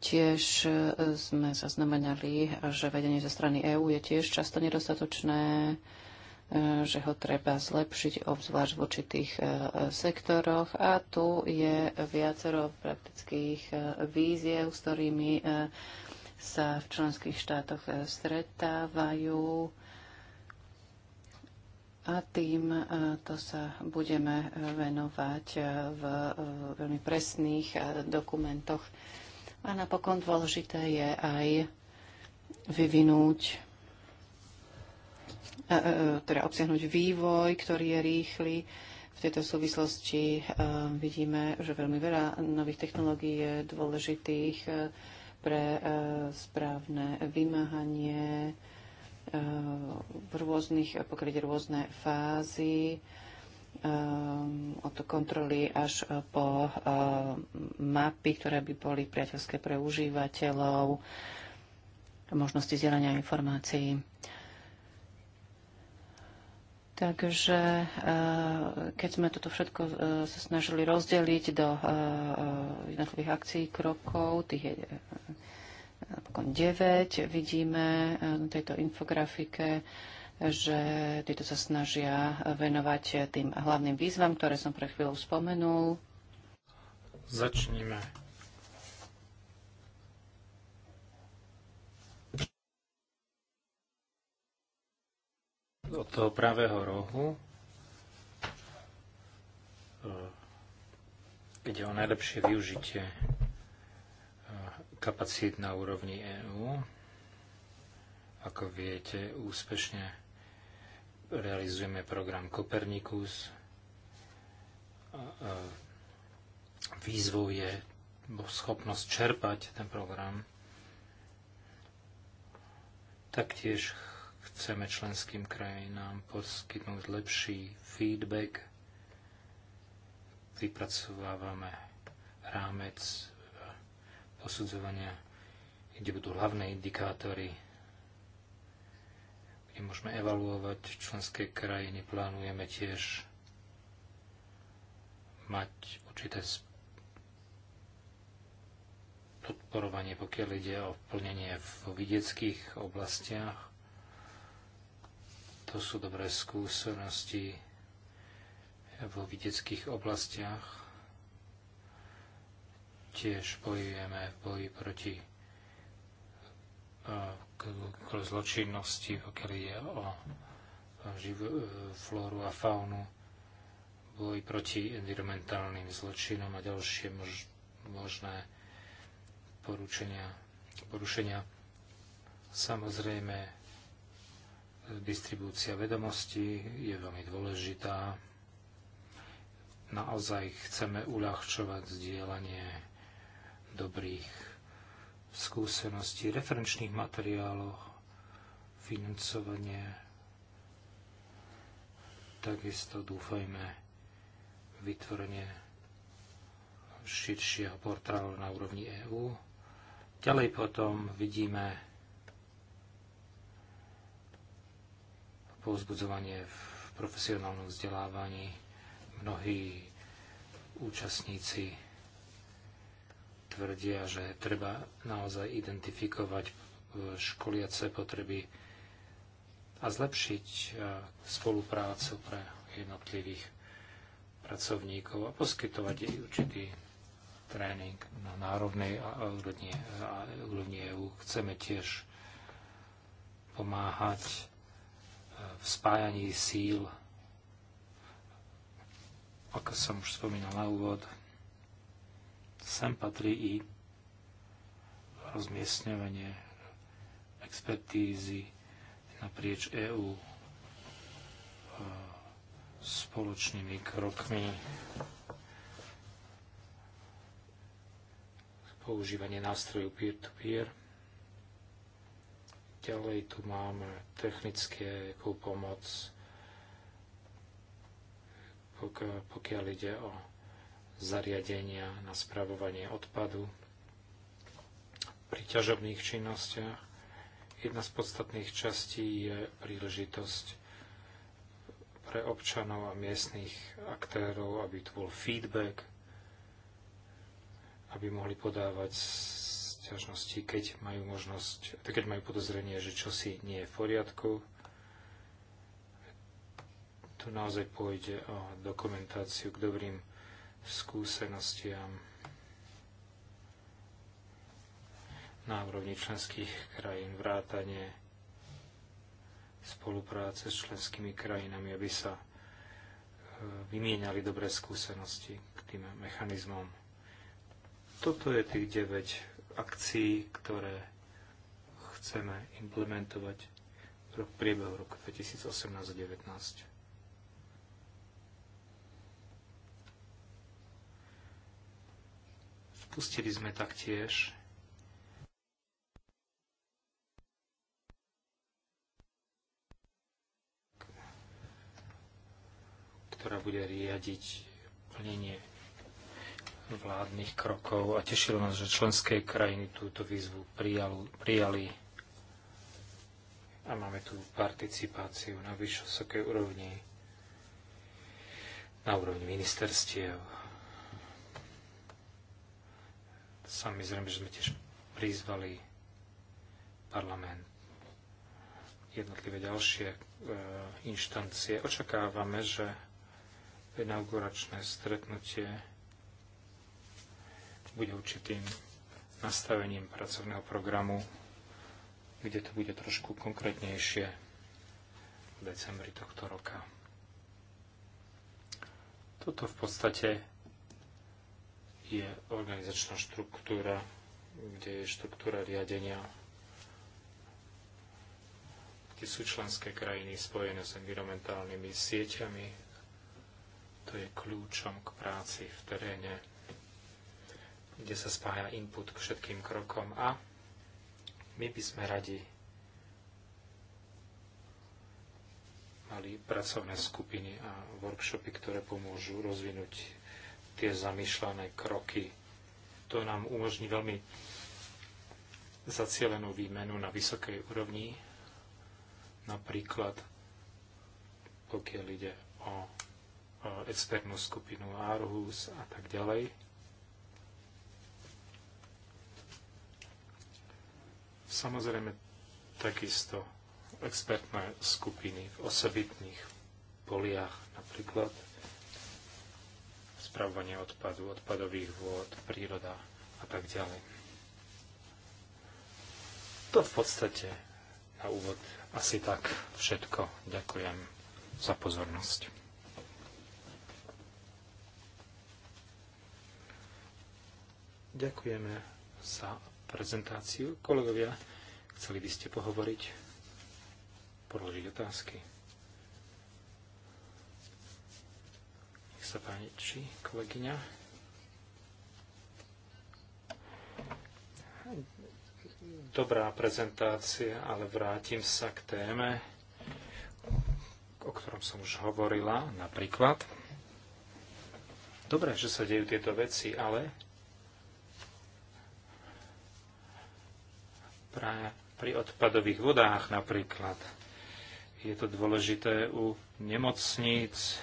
Tiež e, sme zaznamenali, že vedenie zo strany EÚ je tiež často nedostatočné, e, že ho treba zlepšiť, obzvlášť v určitých e, sektoroch. A tu je viacero praktických víziev, s ktorými sa v členských štátoch stretávajú a tým e, to sa budeme e, venovať e, v veľmi presných dokumentoch. A napokon dôležité je aj vyvinúť, teda obsiahnuť vývoj, ktorý je rýchly. V tejto súvislosti vidíme, že veľmi veľa nových technológií je dôležitých pre správne vymáhanie v rôznych, pokryť rôzne fázy um, od kontroly až uh, po uh, mapy, ktoré by boli priateľské pre užívateľov, možnosti zdieľania informácií. Takže uh, keď sme toto všetko sa snažili rozdeliť do jednotlivých akcií, krokov, tých je napokon 9. Vidíme eh, na tejto infografike, že títo sa snažia venovať tým hlavným výzvam, ktoré som pre chvíľu spomenul. Začníme od toho pravého rohu, kde eh, o najlepšie využitie kapacít na úrovni EÚ. Ako viete, úspešne realizujeme program Copernicus. Výzvou je schopnosť čerpať ten program. Taktiež chceme členským krajinám poskytnúť lepší feedback. Vypracovávame rámec posudzovania, kde budú hlavné indikátory, kde môžeme evaluovať členské krajiny. Plánujeme tiež mať určité podporovanie, pokiaľ ide o plnenie v vidieckých oblastiach. To sú dobré skúsenosti vo vidieckých oblastiach Tiež bojujeme v boji proti eh, zločinnosti, pokiaľ ide o eh, eh, flóru a faunu, boj proti environmentálnym zločinom a ďalšie mož, možné porušenia. porušenia. Samozrejme, distribúcia vedomostí je veľmi dôležitá. Naozaj chceme uľahčovať vzdielanie dobrých skúseností, referenčných materiáloch, financovanie. Takisto dúfajme vytvorenie širšieho portálu na úrovni EÚ. Ďalej potom vidíme povzbudzovanie v profesionálnom vzdelávaní. Mnohí účastníci tvrdia, že treba naozaj identifikovať e, školiace potreby a zlepšiť e, spoluprácu pre jednotlivých pracovníkov a poskytovať jej určitý tréning na národnej a úrovni, EU. Chceme tiež pomáhať e, v spájaní síl, ako som už spomínal na úvod, Sem patrí i rozmiestňovanie expertízy naprieč EÚ e, spoločnými krokmi používanie nástrojov peer-to-peer. -peer. Ďalej tu máme technické pomoc, pokiaľ ide o zariadenia na spravovanie odpadu pri ťažobných činnostiach. Jedna z podstatných častí je príležitosť pre občanov a miestných aktérov, aby tu bol feedback, aby mohli podávať sťažnosti, keď majú možnosť, keď majú podozrenie, že čosi nie je v poriadku. Tu naozaj pôjde o dokumentáciu k dobrým skúsenostiam na úrovni členských krajín, vrátanie spolupráce s členskými krajinami, aby sa e, vymieniali dobré skúsenosti k tým mechanizmom. Toto je tých 9 akcií, ktoré chceme implementovať v priebehu roku 2018 2019. Pustili sme taktiež ktorá bude riadiť plnenie vládnych krokov a tešilo nás, že členské krajiny túto výzvu prijal, prijali a máme tu participáciu na vysokej úrovni, na úrovni ministerstiev. Samozrejme, že sme tiež prizvali parlament, jednotlivé ďalšie e, inštancie. Očakávame, že inauguračné stretnutie bude určitým nastavením pracovného programu, kde to bude trošku konkrétnejšie v decembri tohto roka. Toto v podstate je organizačná štruktúra, kde je štruktúra riadenia, kde sú členské krajiny spojené s environmentálnymi sieťami. To je kľúčom k práci v teréne, kde sa spája input k všetkým krokom a my by sme radi mali pracovné skupiny a workshopy, ktoré pomôžu rozvinúť tie zamýšľané kroky. To nám umožní veľmi zacielenú výmenu na vysokej úrovni, napríklad pokiaľ ide o, o skupinu Aarhus a tak ďalej. Samozrejme, takisto expertné skupiny v osobitných poliach napríklad spravovanie odpadu, odpadových vôd, príroda a tak ďalej. To v podstate na úvod asi tak všetko. Ďakujem za pozornosť. Ďakujeme za prezentáciu. Kolegovia, chceli by ste pohovoriť, položiť otázky? sa páči, kolegyňa. Dobrá prezentácia, ale vrátim sa k téme, o ktorom som už hovorila, napríklad. Dobre, že sa dejú tieto veci, ale práve pri odpadových vodách napríklad. Je to dôležité u nemocníc,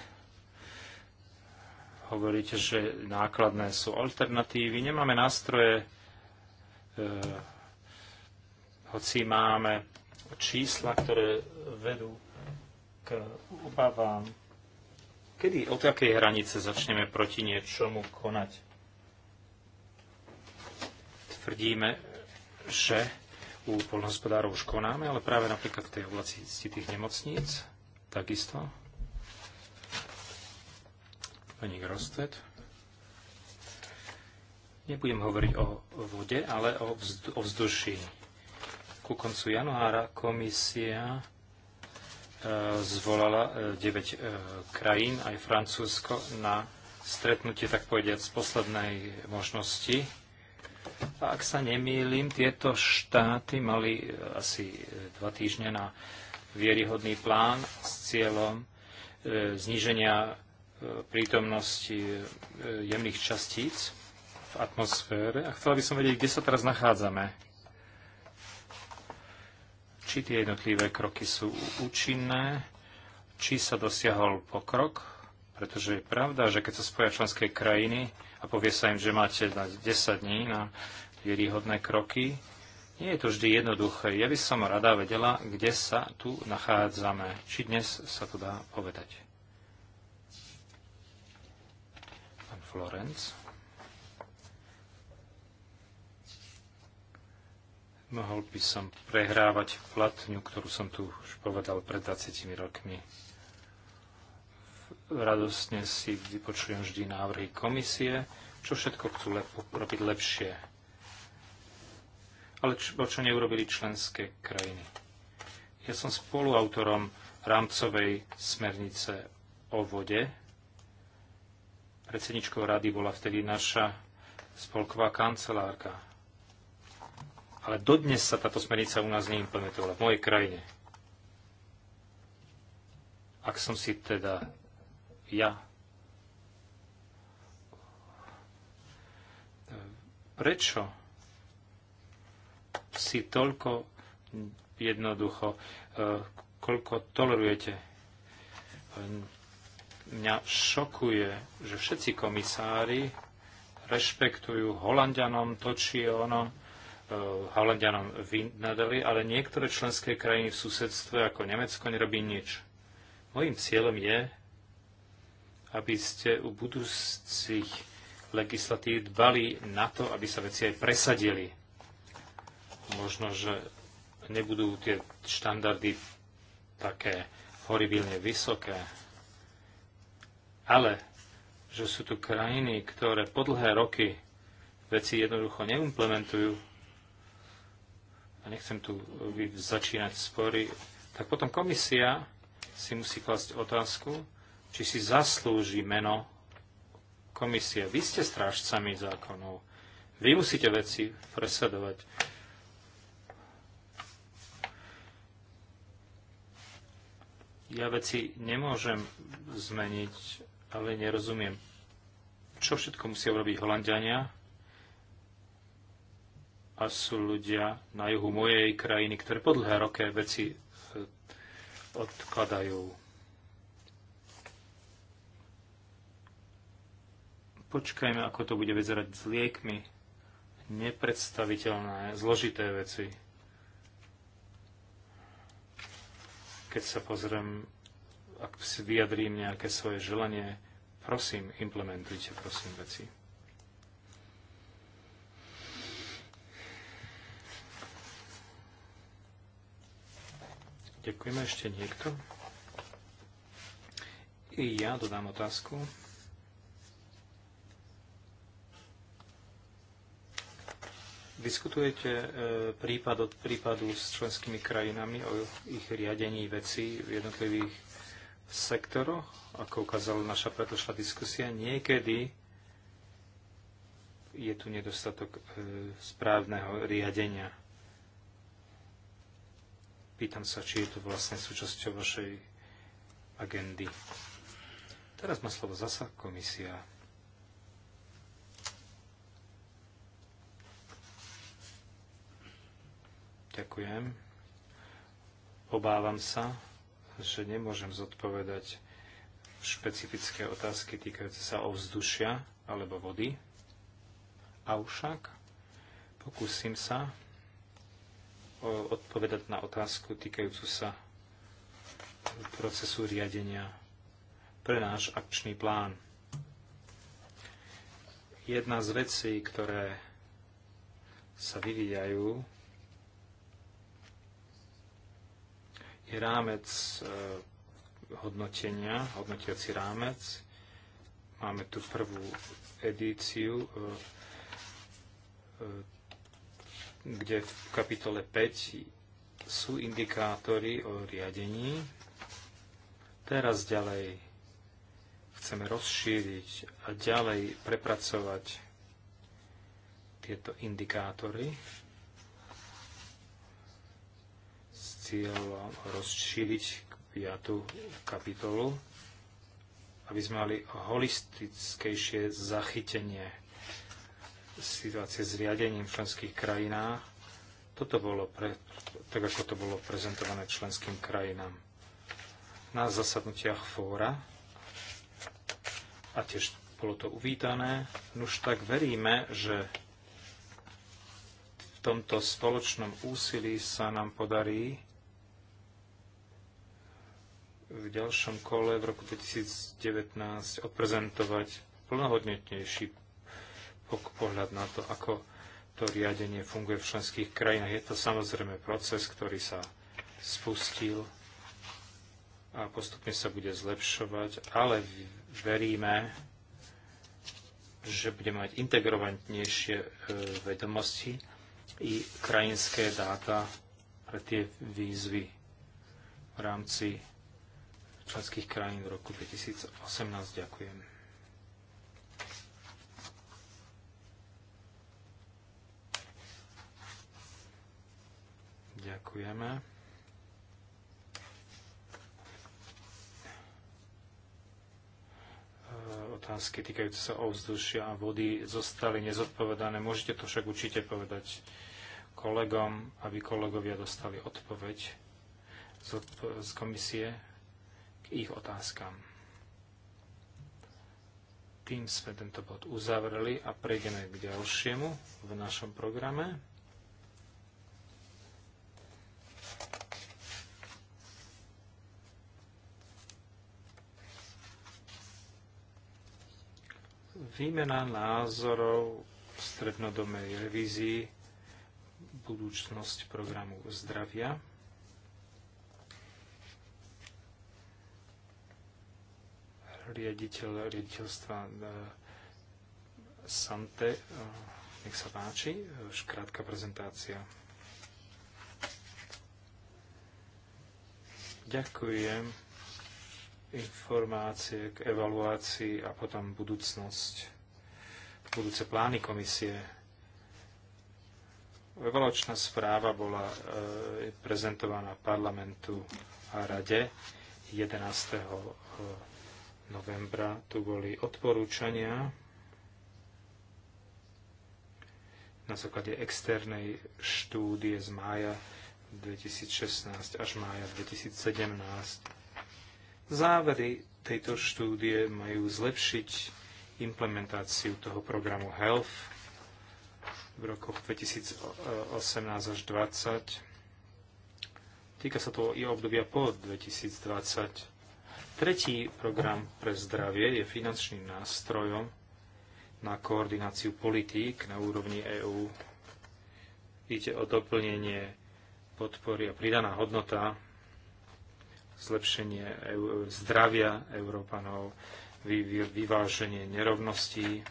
Hovoríte, že nákladné sú alternatívy. Nemáme nástroje, e, hoci máme čísla, ktoré vedú k obavám. Kedy, od akej hranice začneme proti niečomu konať? Tvrdíme, že u polnohospodárov už konáme, ale práve napríklad v tej oblasti tých nemocníc takisto. Pani Grostet. Nebudem hovoriť o vode, ale o, vzd- o vzduši. Ku koncu januára komisia e, zvolala 9 e, e, krajín, aj Francúzsko, na stretnutie, tak povediať, z poslednej možnosti. A ak sa nemýlim, tieto štáty mali asi dva týždne na vieryhodný plán s cieľom zníženia prítomnosti e, jemných častíc v atmosfére. A chcela by som vedieť, kde sa teraz nachádzame. Či tie jednotlivé kroky sú účinné, či sa dosiahol pokrok, pretože je pravda, že keď sa spoja členské krajiny a povie sa im, že máte 10 dní na výhodné kroky, nie je to vždy jednoduché. Ja by som rada vedela, kde sa tu nachádzame. Či dnes sa to dá povedať. Florenc. Mohol by som prehrávať platňu, ktorú som tu už povedal pred 20 rokmi. Radostne si vypočujem vždy návrhy komisie, čo všetko chcú lep- robiť lepšie. Ale čo, čo neurobili členské krajiny. Ja som spoluautorom rámcovej smernice o vode, Predsedničkou rady bola vtedy naša spolková kancelárka. Ale dodnes sa táto smernica u nás neimplementovala, v mojej krajine. Ak som si teda ja prečo si toľko jednoducho, eh, koľko tolerujete eh, Mňa šokuje, že všetci komisári rešpektujú Holandianom to, či je ono, e, Holandianom vynadali, ale niektoré členské krajiny v susedstve ako Nemecko nerobí nič. Mojím cieľom je, aby ste u budúcich legislatív dbali na to, aby sa veci aj presadili. Možno, že nebudú tie štandardy také horibilne vysoké, ale že sú tu krajiny, ktoré po dlhé roky veci jednoducho neimplementujú, a nechcem tu e, začínať spory, tak potom komisia si musí klasť otázku, či si zaslúži meno komisie. Vy ste strážcami zákonov. Vy musíte veci presadovať. Ja veci nemôžem zmeniť ale nerozumiem, čo všetko musia robiť Holandiania a sú ľudia na juhu mojej krajiny, ktoré po dlhé roky veci e, odkladajú. Počkajme, ako to bude vyzerať s liekmi. Nepredstaviteľné, zložité veci. Keď sa pozriem ak si vyjadrím nejaké svoje želanie, prosím, implementujte, prosím, veci. Ďakujeme ešte niekto. I ja dodám otázku. Diskutujete e, prípad od prípadu s členskými krajinami o ich riadení veci v jednotlivých sektoroch, ako ukázala naša predošlá diskusia, niekedy je tu nedostatok e, správneho riadenia. Pýtam sa, či je to vlastne súčasťou vašej agendy. Teraz má slovo zasa komisia. Ďakujem. Obávam sa, že nemôžem zodpovedať špecifické otázky týkajúce sa ovzdušia alebo vody. Avšak pokúsim sa odpovedať na otázku týkajúcu sa procesu riadenia pre náš akčný plán. Jedna z vecí, ktoré sa vyvíjajú rámec e, hodnotenia, hodnotiaci rámec. Máme tu prvú edíciu, e, e, kde v kapitole 5 sú indikátory o riadení. Teraz ďalej chceme rozšíriť a ďalej prepracovať tieto indikátory cieľom rozšíriť piatu kapitolu, aby sme mali holistickejšie zachytenie situácie s riadením v členských krajinách. Toto bolo pre, tak, ako to bolo prezentované členským krajinám na zasadnutiach fóra a tiež bolo to uvítané. Už tak veríme, že v tomto spoločnom úsilí sa nám podarí v ďalšom kole v roku 2019 odprezentovať plnohodnotnejší pohľad na to, ako to riadenie funguje v členských krajinách. Je to samozrejme proces, ktorý sa spustil a postupne sa bude zlepšovať, ale veríme, že bude mať integrovanejšie e, vedomosti i krajinské dáta pre tie výzvy v rámci členských krajín v roku 2018. Ďakujem. Ďakujeme. E, otázky týkajúce sa ovzdušia a vody zostali nezodpovedané. Môžete to však určite povedať kolegom, aby kolegovia dostali odpoveď z komisie ich otázkam. Tým sme tento bod uzavreli a prejdeme k ďalšiemu v našom programe. Výmena názorov v strednodomej revízii budúcnosť programu zdravia. riaditeľ riaditeľstva eh, Sante. Eh, nech sa páči, už krátka prezentácia. Ďakujem. Informácie k evaluácii a potom budúcnosť, budúce plány komisie. Evaluačná správa bola eh, prezentovaná parlamentu a rade 11 novembra tu boli odporúčania na základe externej štúdie z mája 2016 až mája 2017. Závery tejto štúdie majú zlepšiť implementáciu toho programu Health v rokoch 2018 až 2020. Týka sa to i obdobia po 2020 Tretí program pre zdravie je finančným nástrojom na koordináciu politík na úrovni EÚ. Ide o doplnenie podpory a pridaná hodnota, zlepšenie e zdravia Európanov, vyváženie nerovností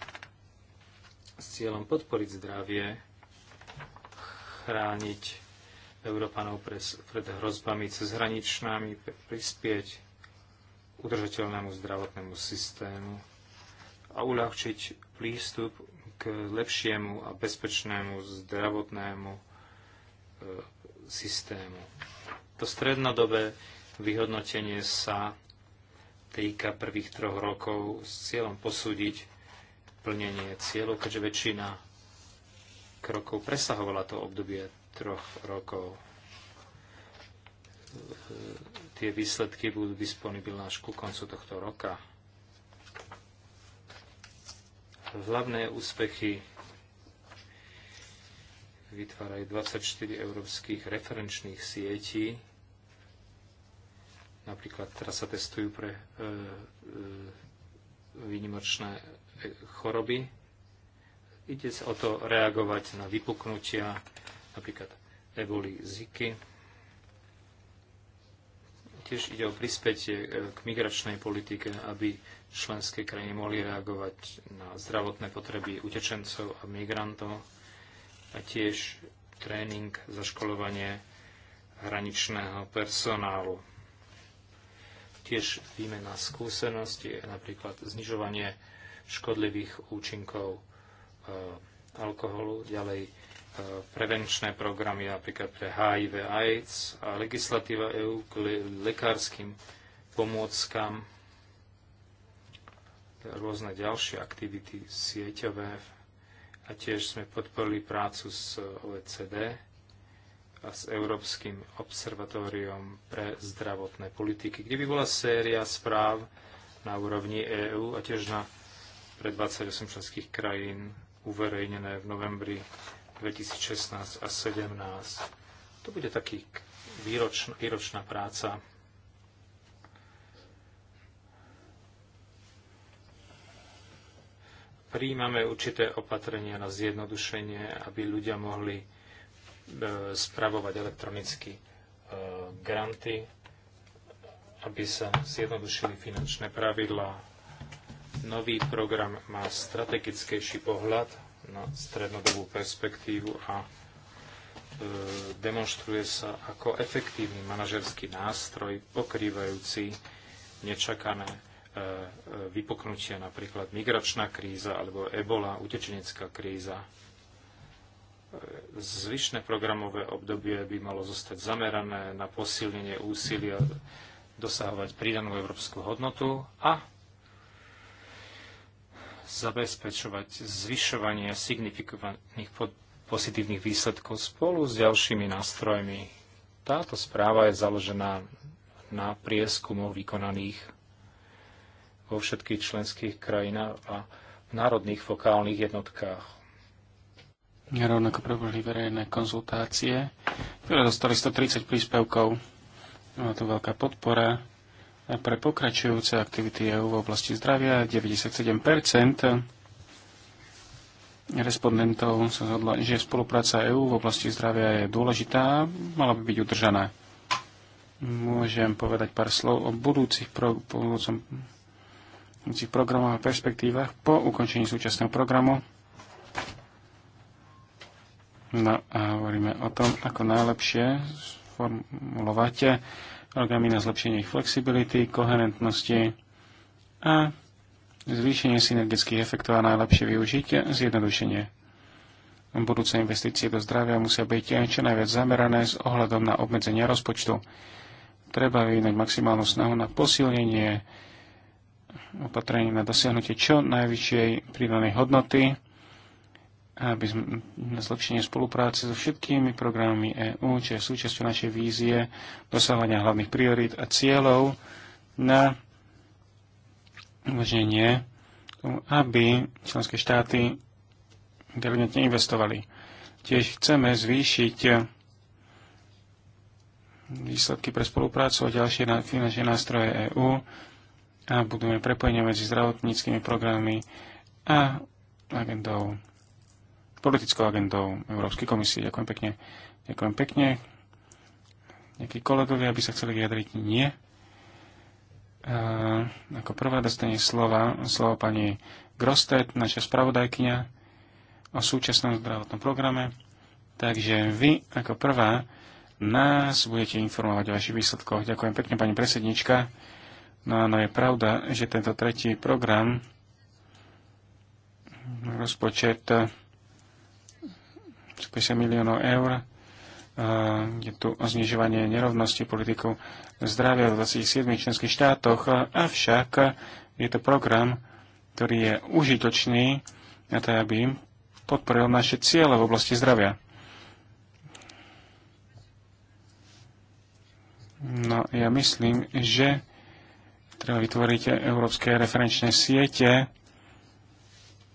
s cieľom podporiť zdravie, chrániť Európanov pred hrozbami cezhraničnými, prispieť udržateľnému zdravotnému systému a uľahčiť prístup k lepšiemu a bezpečnému zdravotnému e, systému. To strednodobé vyhodnotenie sa týka prvých troch rokov s cieľom posúdiť plnenie cieľov, keďže väčšina krokov presahovala to obdobie troch rokov Tie výsledky budú disponibilné až ku koncu tohto roka. Hlavné úspechy vytvárajú 24 európskych referenčných sietí. Napríklad teraz sa testujú pre e, e, výnimočné choroby. Ide o to reagovať na vypuknutia napríklad eboli, ziky. Tiež ide o prispätie e, k migračnej politike, aby členské krajiny mohli reagovať na zdravotné potreby utečencov a migrantov a tiež tréning, zaškolovanie hraničného personálu. Tiež výmena skúsenosti, napríklad znižovanie škodlivých účinkov e, alkoholu, ďalej prevenčné programy napríklad pre HIV AIDS a legislatíva EU k lekárským pomôckam, rôzne ďalšie aktivity sieťové a tiež sme podporili prácu s OECD a s Európskym observatóriom pre zdravotné politiky, kde by bola séria správ na úrovni EÚ a tiež na pre 28 členských krajín uverejnené v novembri 2016 a 2017. To bude taký výročn, výročná práca. Príjmame určité opatrenia na zjednodušenie, aby ľudia mohli e, spravovať elektronicky e, granty, aby sa zjednodušili finančné pravidlá. Nový program má strategickejší pohľad na strednodobú perspektívu a e, demonstruje sa ako efektívny manažerský nástroj pokrývajúci nečakané e, e, vypoknutia, napríklad migračná kríza alebo ebola, utečenecká kríza. Zvyšné programové obdobie by malo zostať zamerané na posilnenie úsilia dosahovať pridanú európsku hodnotu a zabezpečovať zvyšovanie signifikovaných pozitívnych výsledkov spolu s ďalšími nástrojmi. Táto správa je založená na prieskumoch vykonaných vo všetkých členských krajinách a v národných fokálnych jednotkách rovnako prebehli verejné konzultácie, ktoré dostali 130 príspevkov. Má tu veľká podpora pre pokračujúce aktivity EU v oblasti zdravia. 97 respondentov sa zhodla, že spolupráca EU v oblasti zdravia je dôležitá a mala by byť udržaná. Môžem povedať pár slov o budúcich, pro, budúcom, budúcich programoch a perspektívach po ukončení súčasného programu. No a hovoríme o tom, ako najlepšie formulovať programy na zlepšenie ich flexibility, koherentnosti a zvýšenie synergických efektov a najlepšie využitie zjednodušenie. Budúce investície do zdravia musia byť čo najviac zamerané s ohľadom na obmedzenie rozpočtu. Treba vyvinúť maximálnu snahu na posilnenie opatrení na dosiahnutie čo najvyššej prídanej hodnoty aby sme na zlepšenie spolupráce so všetkými programmi EÚ, čo je súčasťou našej vízie dosahovania hlavných priorít a cieľov na umožnenie, aby členské štáty inteligentne investovali. Tiež chceme zvýšiť výsledky pre spoluprácu a ďalšie finančné nástroje EÚ a budeme prepojenie medzi zdravotníckými programmi a agendou politickou agendou Európskej komisie. Ďakujem pekne. Ďakujem pekne. Nejakí kolegovia by sa chceli vyjadriť? Nie. E, ako prvá dostane slova, slovo pani Grostet, naša spravodajkynia o súčasnom zdravotnom programe. Takže vy ako prvá nás budete informovať o vašich výsledkoch. Ďakujem pekne, pani predsednička. No áno, je pravda, že tento tretí program, rozpočet 50 miliónov eur. Eh, je tu o znižovanie nerovnosti politikou zdravia v 27 členských štátoch, avšak je to program, ktorý je užitočný na to, aby podporil naše ciele v oblasti zdravia. No, ja myslím, že treba vytvoriť európske referenčné siete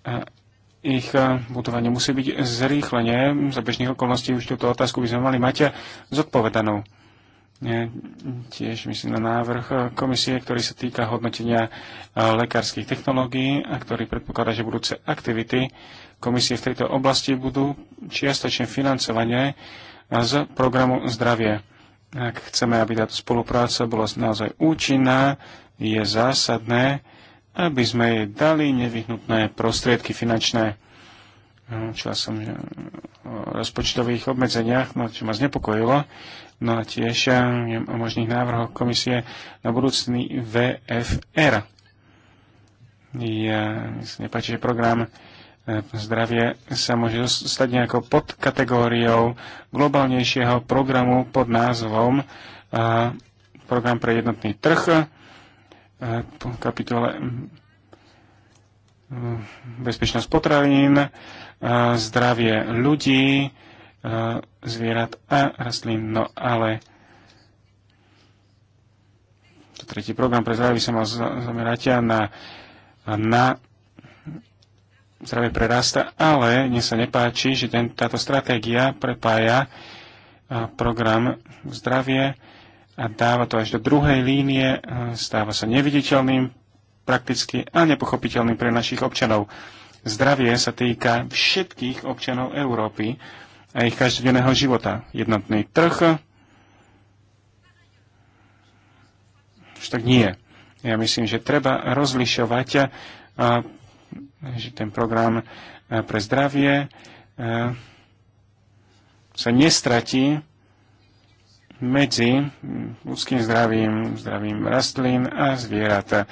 a eh, ich eh, budovanie musí byť zrýchlenie. Za bežných okolností už túto otázku by sme mali mať eh, zodpovedanú. Nie, tiež myslím na návrh eh, komisie, ktorý sa týka hodnotenia lekárskych technológií a ktorý predpokladá, že budúce aktivity komisie v tejto oblasti budú čiastočne financovanie z programu Zdravie. Ak chceme, aby táto spolupráca bola naozaj účinná, je zásadné, aby sme jej dali nevyhnutné prostriedky finančné. Čila som o rozpočtových obmedzeniach, čo ma znepokojilo, no a tiež eh, o možných návrhoch komisie na budúcný VFR. Ja, sa nepáči, že program eh, zdravie sa môže stať nejakou podkategóriou globálnejšieho programu pod názvom eh, program pre jednotný trh E, po kapitole mm, mm, bezpečnosť potravín, e, zdravie ľudí, e, zvierat a rastlín. No ale to tretí program pre zdravie sa mal zamerať na, na zdravie pre rasta, ale mne sa nepáči, že ten, táto stratégia prepája program zdravie a dáva to až do druhej línie, e, stáva sa neviditeľným prakticky a nepochopiteľným pre našich občanov. Zdravie sa týka všetkých občanov Európy a ich každodenného života. Jednotný trh už tak nie. Ja myslím, že treba rozlišovať e, že ten program e, pre zdravie sa nestratí medzi ľudským zdravím, zdravím rastlín a zvierat.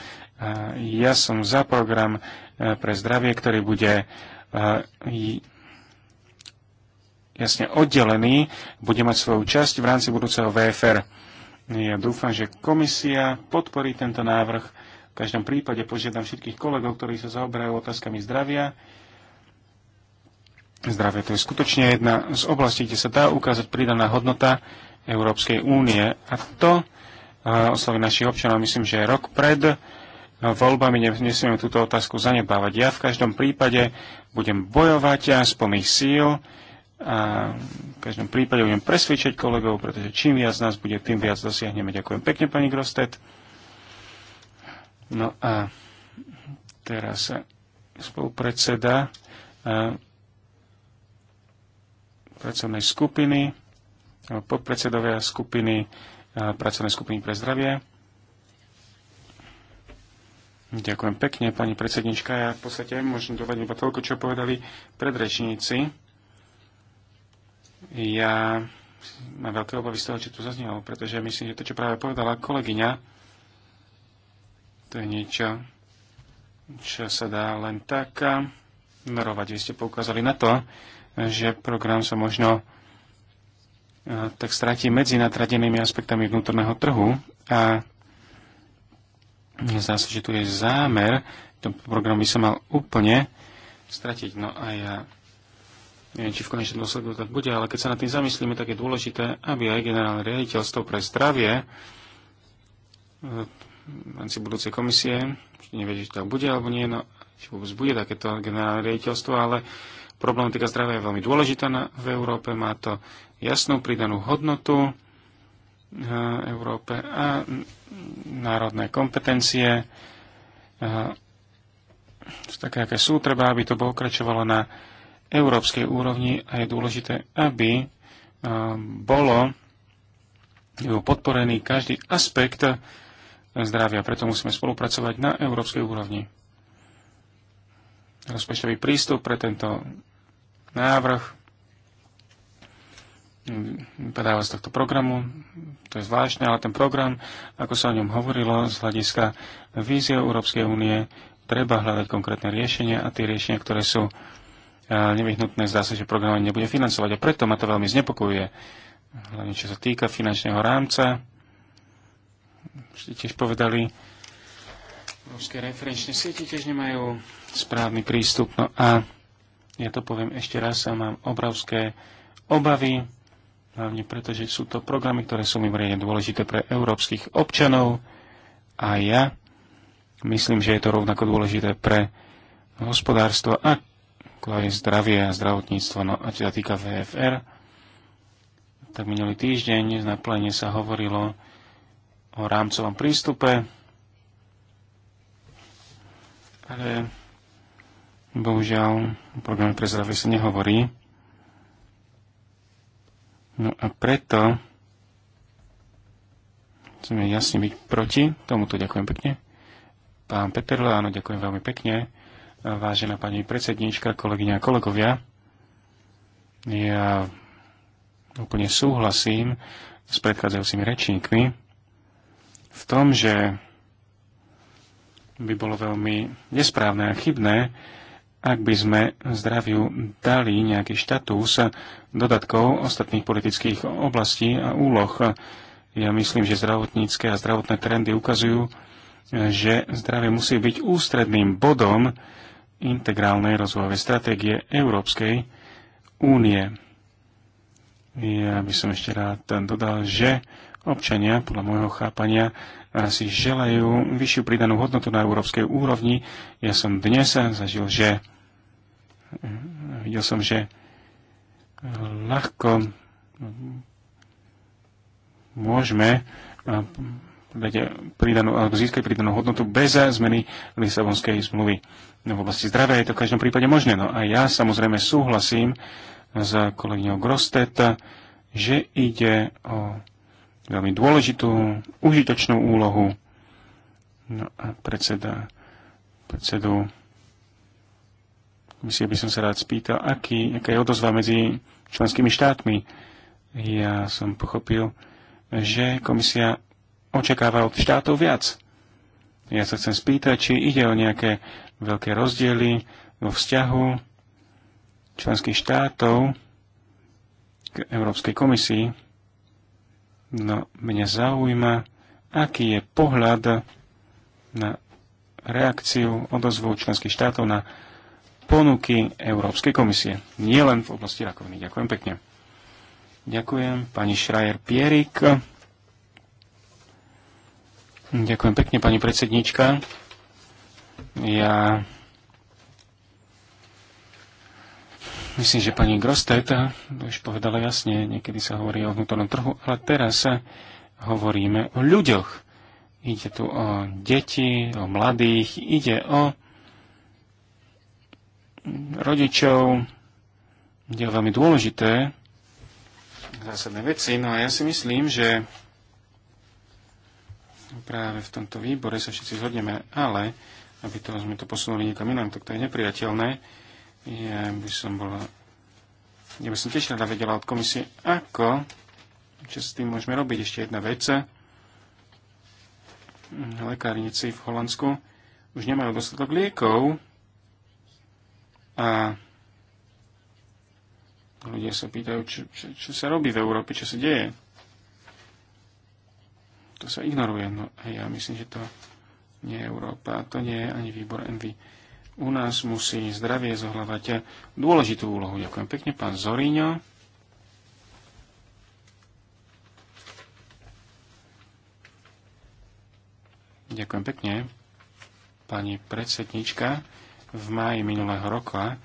Ja som za program e, pre zdravie, ktorý bude e, jasne oddelený, bude mať svoju časť v rámci budúceho VFR. Ja dúfam, že komisia podporí tento návrh. V každom prípade požiadam všetkých kolegov, ktorí sa zaoberajú otázkami zdravia, Zdravie to je skutočne jedna z oblastí, kde sa dá ukázať pridaná hodnota Európskej únie. A to e, oslovi našich občanov, myslím, že rok pred e, voľbami nesmieme túto otázku zanebávať. Ja v každom prípade budem bojovať z plných síl a v každom prípade budem presvedčať kolegov, pretože čím viac nás bude, tým viac dosiahneme. Ďakujem pekne, pani Grostet. No a teraz spolupredseda e, pracovnej skupiny podpredsedovia skupiny, pracovnej skupiny pre zdravie. Ďakujem pekne, pani predsednička. Ja v podstate môžem dodať iba toľko, čo povedali predrečníci. Ja mám veľké obavy z toho, čo tu zaznelo, pretože myslím, že to, čo práve povedala kolegyňa, to je niečo, čo sa dá len tak ignorovať. Vy ste poukázali na to, že program sa možno tak stratí medzi natradenými aspektami vnútorného trhu a zdá sa, že tu je zámer, ten program by sa mal úplne stratiť. No a ja neviem, či v konečnom dôsledku tak bude, ale keď sa nad tým zamyslíme, tak je dôležité, aby aj generálne riaditeľstvo pre zdravie e, v rámci budúcej komisie, nevie, či to bude alebo nie, no, či vôbec bude takéto generálne riaditeľstvo, ale uh, problematika zdravia je veľmi dôležitá na, v Európe, má to jasnú pridanú hodnotu v eh, Európe a národné kompetencie eh, také, aké sú, treba, aby to pokračovalo na európskej úrovni a je dôležité, aby eh, bolo podporený každý aspekt zdravia. Preto musíme spolupracovať na európskej úrovni. Rozpočtový prístup pre tento návrh vypadáva z tohto programu. To je zvláštne, ale ten program, ako sa o ňom hovorilo, z hľadiska vízie Európskej únie, treba hľadať konkrétne riešenia a tie riešenia, ktoré sú e, nevyhnutné, zdá sa, že program nebude financovať. A preto ma to veľmi znepokojuje. Hlavne, čo sa týka finančného rámca, ste tiež povedali, Európske referenčné siete tiež nemajú správny prístup. No a ja to poviem ešte raz, a mám obrovské obavy, hlavne preto, že sú to programy, ktoré sú mimoriadne dôležité pre európskych občanov a ja myslím, že je to rovnako dôležité pre hospodárstvo a aj zdravie a zdravotníctvo. No a čo sa týka VFR, tak minulý týždeň na plene sa hovorilo o rámcovom prístupe, ale Bohužiaľ, o programe pre zdravie sa nehovorí. No a preto chceme jasne byť proti tomuto. Ďakujem pekne. Pán Peterle, áno, ďakujem veľmi pekne. Vážená pani predsedníčka, kolegyňa a kolegovia, ja úplne súhlasím s predchádzajúcimi rečníkmi v tom, že by bolo veľmi nesprávne a chybné ak by sme zdraviu dali nejaký štatus dodatkov ostatných politických oblastí a úloh. Ja myslím, že zdravotnícke a zdravotné trendy ukazujú, že zdravie musí byť ústredným bodom integrálnej rozvojovej stratégie Európskej únie. Ja by som ešte rád dodal, že občania, podľa môjho chápania, si želajú vyššiu pridanú hodnotu na európskej úrovni. Ja som dnes zažil, že videl som, že ľahko môžeme pridanú, alebo získať pridanú hodnotu bez zmeny Lisabonskej zmluvy. No, v oblasti zdravia je to v každom prípade možné. No a ja samozrejme súhlasím s kolegyňou Grostet, že ide o veľmi dôležitú, užitočnú úlohu. No a predseda, predsedu Myslím, by som sa rád spýtal, aký, aká je odozva medzi členskými štátmi. Ja som pochopil, že komisia očakáva od štátov viac. Ja sa chcem spýtať, či ide o nejaké veľké rozdiely vo vzťahu členských štátov k Európskej komisii. No, mňa zaujíma, aký je pohľad na reakciu odozvu členských štátov na ponuky Európskej komisie. Nie len v oblasti rakoviny. Ďakujem pekne. Ďakujem pani Šrajer-Pierik. Ďakujem pekne, pani predsednička. Ja Myslím, že pani Grostet eh, už povedala jasne, niekedy sa hovorí o vnútornom trhu, ale teraz sa hovoríme o ľuďoch. Ide tu o deti, o mladých, ide o rodičov, ide o veľmi dôležité zásadné veci. No a ja si myslím, že práve v tomto výbore sa všetci zhodneme, ale aby to sme to posunuli niekam inám, tak to je nepriateľné ja by som bola... Ja by som tiež rada vedela od komisie, ako, čo s tým môžeme robiť. Ešte jedna vec. Lekárnici v Holandsku už nemajú dostatok liekov a ľudia sa pýtajú, čo, čo, čo sa robí v Európe, čo sa deje. To sa ignoruje. No a ja myslím, že to nie je Európa, to nie je ani výbor Envy u nás musí zdravie zohľadať dôležitú úlohu. Ďakujem pekne, pán Zoríňo. Ďakujem pekne, pani predsednička. V máji minulého roka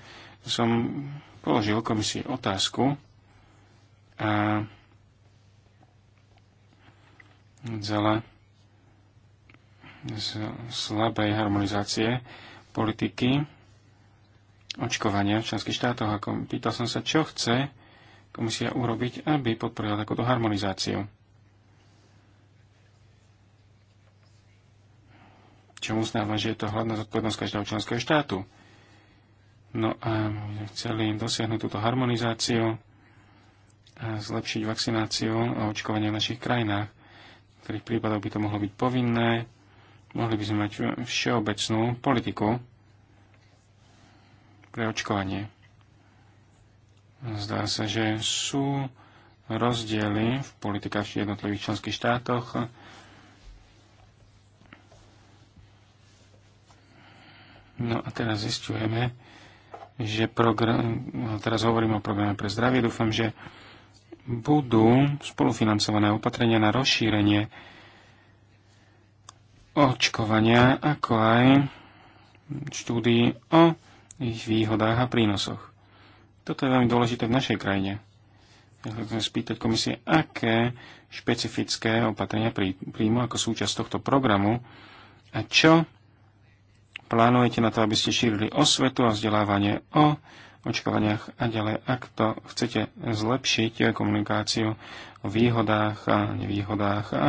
som položil komisii otázku a vzala z slabej harmonizácie politiky očkovania v členských štátoch. Ako pýtal som sa, čo chce komisia urobiť, aby podporila takúto harmonizáciu. Čom uznáva, že je to hlavná zodpovednosť každého členského štátu. No a chceli dosiahnuť túto harmonizáciu a zlepšiť vakcináciu a očkovanie v našich krajinách. V ktorých prípadoch by to mohlo byť povinné, Mohli by sme mať všeobecnú politiku pre očkovanie. Zdá sa, že sú rozdiely v politikách v jednotlivých členských štátoch. No a teraz zistujeme, že program, no teraz hovorím o programe pre zdravie, dúfam, že budú spolufinancované opatrenia na rozšírenie očkovania, ako aj štúdii o ich výhodách a prínosoch. Toto je veľmi dôležité v našej krajine. Ja chcem spýtať komisie, aké špecifické opatrenia príjmu ako súčasť tohto programu a čo plánujete na to, aby ste šírili osvetu a vzdelávanie o očkovaniach a ďalej, ak to chcete zlepšiť komunikáciu o výhodách a nevýhodách a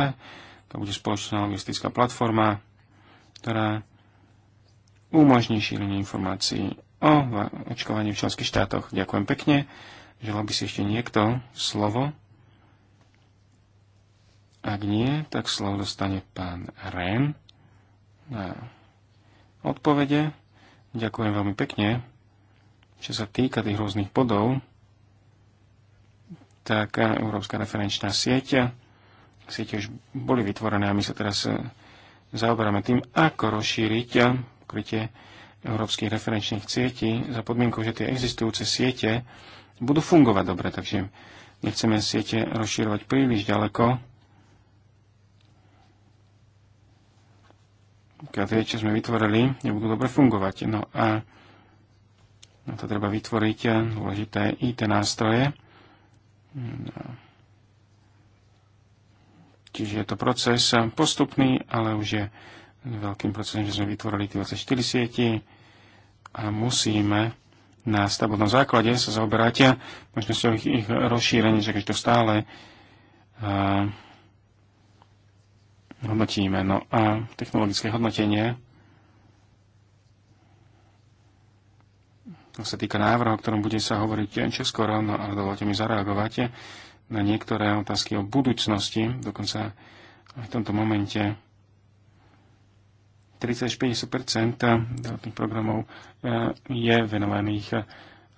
to bude spoločná logistická platforma, ktorá umožní šírenie informácií o očkovaní v členských štátoch. Ďakujem pekne. Želal by si ešte niekto slovo? Ak nie, tak slovo dostane pán Ren na odpovede. Ďakujem veľmi pekne. Čo sa týka tých rôznych bodov, tak Európska referenčná sieť siete už boli vytvorené a my sa teraz e, zaoberáme tým, ako rozšíriť e, krytie európskych referenčných sietí za podmienkou, že tie existujúce siete budú fungovať dobre, takže nechceme siete rozširovať príliš ďaleko. Keď tie, čo sme vytvorili, nebudú dobre fungovať. No a na to treba vytvoriť e, dôležité IT nástroje. No Čiže je to proces postupný, ale už je veľkým procesom, že sme vytvorili tie 24 sieti a musíme na stabilnom základe sa zaoberať možnosťou ich, ich rozšírenia, že to stále a, hodnotíme. No a technologické hodnotenie to sa týka návrhu, o ktorom bude sa hovoriť čoskoro, no ale dovolte mi zareagovať na niektoré otázky o budúcnosti, dokonca v tomto momente 30-50% programov eh, je venovaných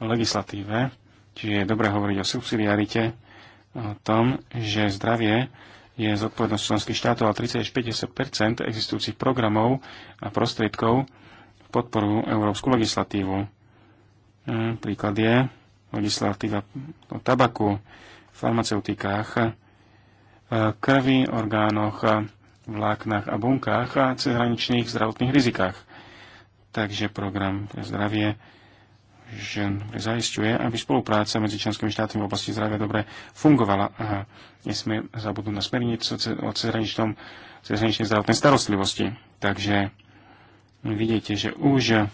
legislatíve, čiže je dobré hovoriť o subsidiarite, o tom, že zdravie je zodpovednosť členských štátov a 30-50% existujúcich programov a prostriedkov podporu európsku legislatívu. Eh, príklad je legislatíva o tabaku, farmaceutikách, e, krvi, orgánoch, vláknach a bunkách a cezhraničných zdravotných rizikách. Takže program pre zdravie žen zajišťuje, aby spolupráca medzi členskými štátmi v oblasti zdravia dobre fungovala. A nesmie zabudnúť na smernicu o cezhraničnom, cezhraničnej zdravotnej starostlivosti. Takže vidíte, že už v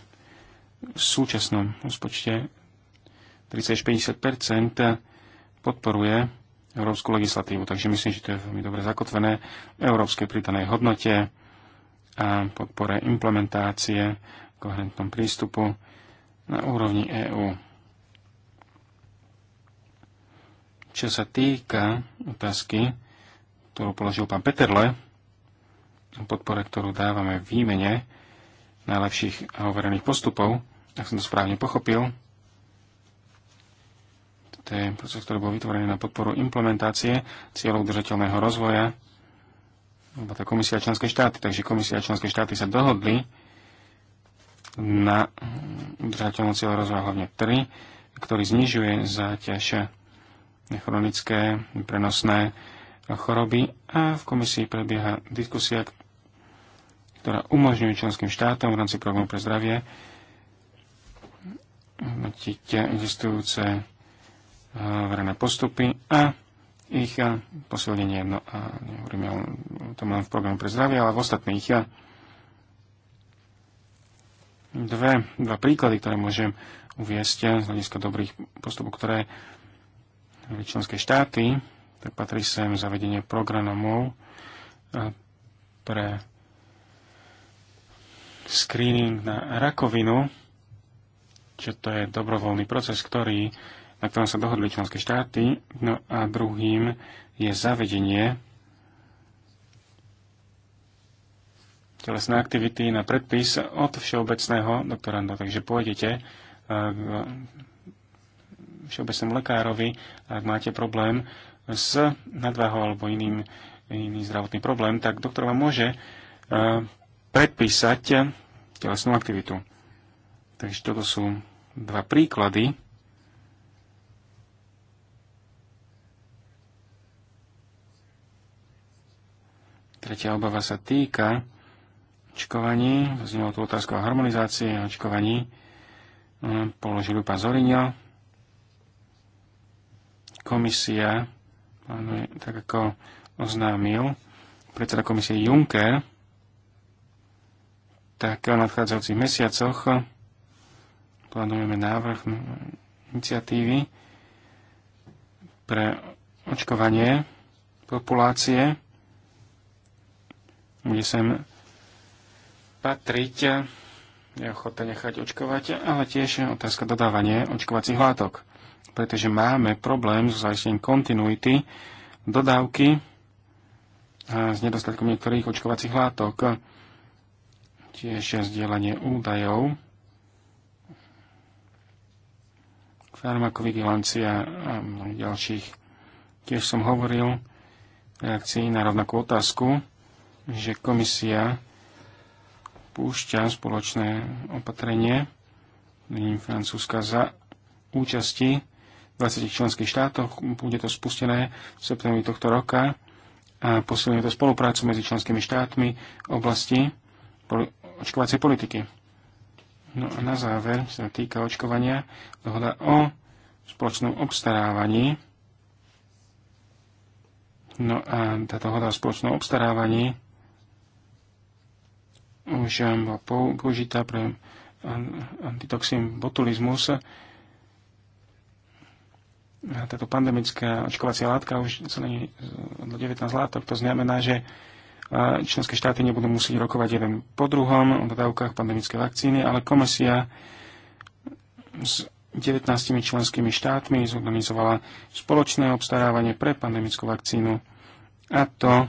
súčasnom rozpočte 30-50 podporuje európsku legislatívu. Takže myslím, že to je veľmi dobre zakotvené v európskej pridanej hodnote a podpore implementácie, koherentnom prístupu na úrovni EÚ. Čo sa týka otázky, ktorú položil pán Peterle, podpore, ktorú dávame v výmene najlepších a overených postupov, ak som to správne pochopil, to je proces, ktorý bol vytvorený na podporu implementácie cieľov udržateľného rozvoja. lebo to komisia a členské štáty. Takže komisia a členské štáty sa dohodli na držateľnom cieľ rozvoja hlavne 3, ktorý znižuje záťaž chronické prenosné choroby a v komisii prebieha diskusia, ktorá umožňuje členským štátom v rámci programu pre zdravie hodnotiť existujúce vrané postupy a ich posilnenie, no a nehovorím, ja to mám v programe pre zdravie, ale v ostatných ja dve, dva príklady, ktoré môžem uviesť z hľadiska dobrých postupov, ktoré členské štáty, tak patrí sem zavedenie programov pre screening na rakovinu, čo to je dobrovoľný proces, ktorý na ktorom sa dohodli členské štáty. No a druhým je zavedenie telesné aktivity na predpis od všeobecného doktoranda. Takže pôjdete eh, k všeobecnému lekárovi, ak máte problém s nadvahou alebo iným, iný zdravotný problém, tak doktor vám môže eh, predpísať telesnú aktivitu. Takže toto sú dva príklady Tretia obava sa týka očkovaní. Znelo tu otázku o harmonizácii a očkovaní. Hm, položil pán Zorinio. Komisia, tak ako oznámil predseda komisie Juncker, tak v nadchádzajúcich mesiacoch plánujeme návrh iniciatívy pre očkovanie populácie bude sem patriť, je ochota nechať očkovať, ale tiež otázka dodávanie očkovacích látok. Pretože máme problém so zaistením kontinuity dodávky a s nedostatkom niektorých očkovacích látok. Tiež je zdieľanie údajov, farmakovigilancia a ďalších. Tiež som hovoril reakcii na rovnakú otázku že komisia púšťa spoločné opatrenie vedením Francúzska za účasti 20 členských štátov. Bude to spustené v septembri tohto roka a posilňuje to spoluprácu medzi členskými štátmi v oblasti očkovacej politiky. No a na záver, čo sa týka očkovania, dohoda o spoločnom obstarávaní. No a táto dohoda o spoločnom obstarávaní už bola použitá pre antitoxín botulizmus. Táto pandemická očkovacia látka už sa není od 19 látok. To znamená, že členské štáty nebudú musieť rokovať jeden po druhom o dodávkach pandemické vakcíny, ale komisia s 19 členskými štátmi zorganizovala spoločné obstarávanie pre pandemickú vakcínu a to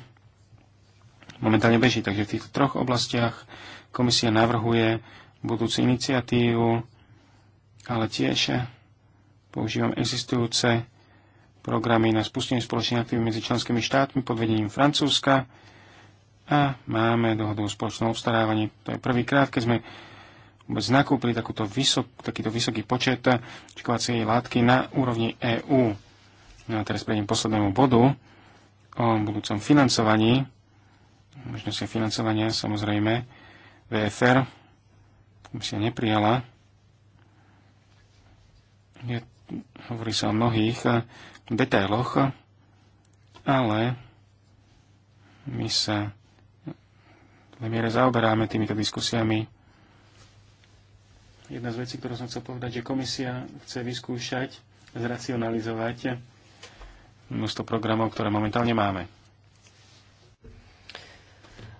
momentálne beží. Takže v týchto troch oblastiach komisia navrhuje budúcu iniciatívu, ale tiež používam existujúce programy na spustenie spoločných aktív medzi členskými štátmi pod vedením Francúzska a máme dohodu o spoločnom obstarávaní. To je prvýkrát, keď sme vôbec nakúpili takúto vysok, takýto vysoký počet očkovacej látky na úrovni EÚ. No a teraz prejdem poslednému bodu o budúcom financovaní možnosti financovania, samozrejme, VFR komisia neprijala. Je, hovorí sa o mnohých eh, detailoch, ale my sa v miere zaoberáme týmito diskusiami. Jedna z vecí, ktorú som chcel povedať, že komisia chce vyskúšať, zracionalizovať množstvo programov, ktoré momentálne máme.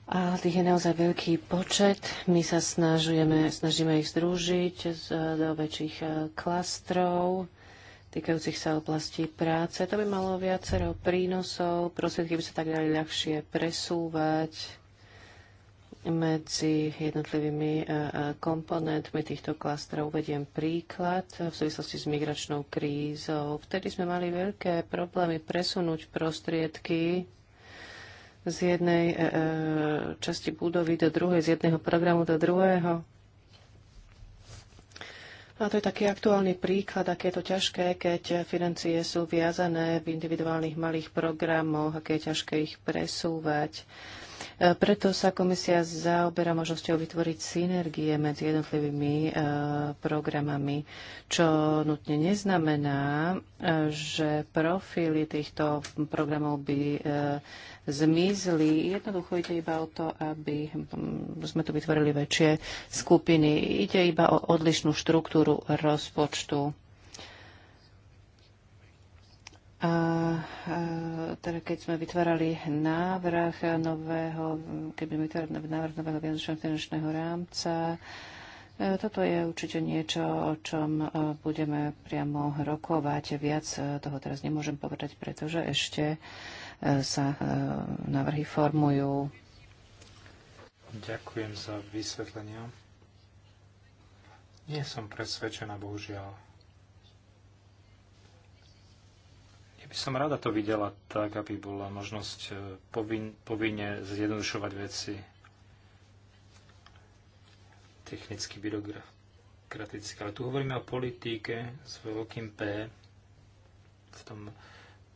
A tých je naozaj veľký počet. My sa snažíme, snažíme ich združiť z do väčších e, klastrov týkajúcich sa oblasti práce. To by malo viacero prínosov, prostriedky by sa tak dali ľahšie presúvať medzi jednotlivými e, e, komponentmi týchto klastrov. uvediem príklad v súvislosti s migračnou krízou. Vtedy sme mali veľké problémy presunúť prostriedky z jednej e, e, časti budovy do druhej, z jedného programu do druhého. A to je taký aktuálny príklad, aké je to ťažké, keď financie sú viazané v individuálnych malých programoch, aké je ťažké ich presúvať. E, E, preto sa komisia zaoberá možnosťou vytvoriť synergie medzi jednotlivými e, programami, čo nutne neznamená, e, že profily týchto programov by zmizli. Jednoducho ide iba o to, aby hm, sme tu vytvorili väčšie skupiny. Ide iba o odlišnú štruktúru rozpočtu. A, teda keď sme vytvárali návrh nového, keby vytvárali návrh nového vianočného finančného rámca, e, toto je určite niečo, o čom e, budeme priamo rokovať. Viac e, toho teraz nemôžem povedať, pretože ešte sa návrhy formujú. Ďakujem za vysvetlenia. Nie som presvedčená, bohužiaľ by som rada to videla tak, aby bola možnosť e, povin, povinne zjednodušovať veci technicky byrokratické. Ale tu hovoríme o politike s veľkým P v tom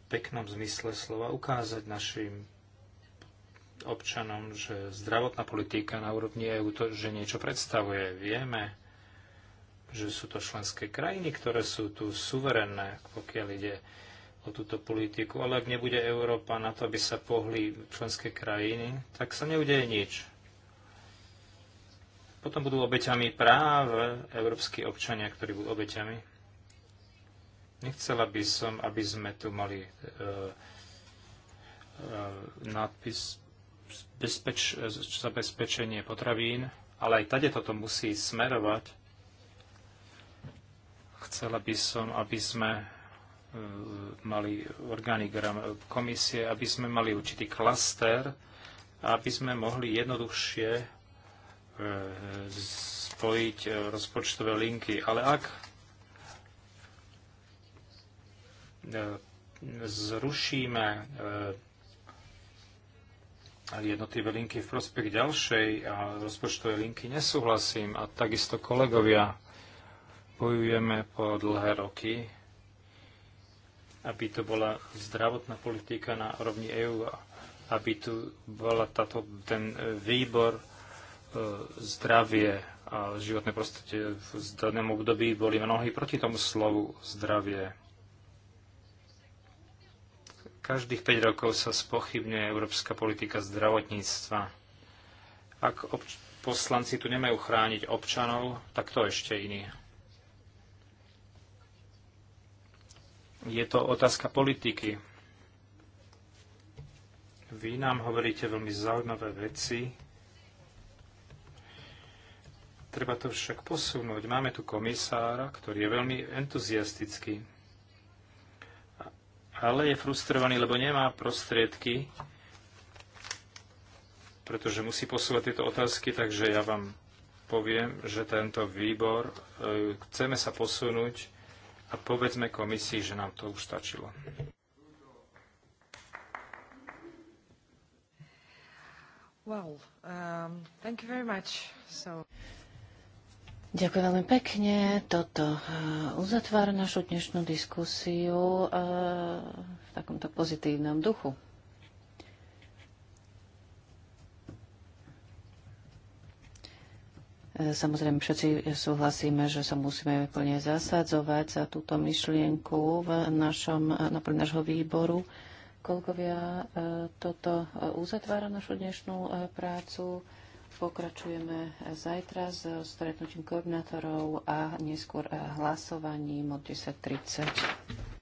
peknom zmysle slova ukázať našim občanom, že zdravotná politika na úrovni EU to, že niečo predstavuje. Vieme, že sú to členské krajiny, ktoré sú tu suverenné, pokiaľ ide o túto politiku. Ale ak nebude Európa na to, aby sa pohli členské krajiny, tak sa neudeje nič. Potom budú obeťami práve európsky občania, ktorí budú obeťami. Nechcela by som, aby sme tu mali uh, uh, nadpis bezpeč, zabezpečenie potravín, ale aj tady toto musí smerovať. Chcela by som, aby sme E, mali orgány komisie, aby sme mali určitý klaster, aby sme mohli jednoduchšie e, spojiť e, rozpočtové linky. Ale ak zrušíme jednotlivé linky v prospech ďalšej a rozpočtové linky nesúhlasím a takisto kolegovia bojujeme po dlhé roky aby to bola zdravotná politika na rovni EÚ, aby tu bola táto, ten e, výbor e, zdravie a životné prostredie v zdanom období boli mnohí proti tomu slovu zdravie. Každých 5 rokov sa spochybňuje európska politika zdravotníctva. Ak obč- poslanci tu nemajú chrániť občanov, tak to ešte iný. Je to otázka politiky. Vy nám hovoríte veľmi zaujímavé veci. Treba to však posunúť. Máme tu komisára, ktorý je veľmi entuziastický, ale je frustrovaný, lebo nemá prostriedky, pretože musí posúvať tieto otázky, takže ja vám poviem, že tento výbor, e, chceme sa posunúť a povedzme komisii, že nám to už stačilo. Well, um, thank you very much. So... Ďakujem veľmi pekne. Toto uh, uzatvára našu dnešnú diskusiu uh, v takomto pozitívnom duchu. Samozrejme, všetci súhlasíme, že sa musíme plne zasadzovať za túto myšlienku v našom, napríklad nášho výboru. Kolegovia, e, toto e, uzatvára našu dnešnú e, prácu. Pokračujeme zajtra s stretnutím koordinátorov a neskôr hlasovaním od 10.30.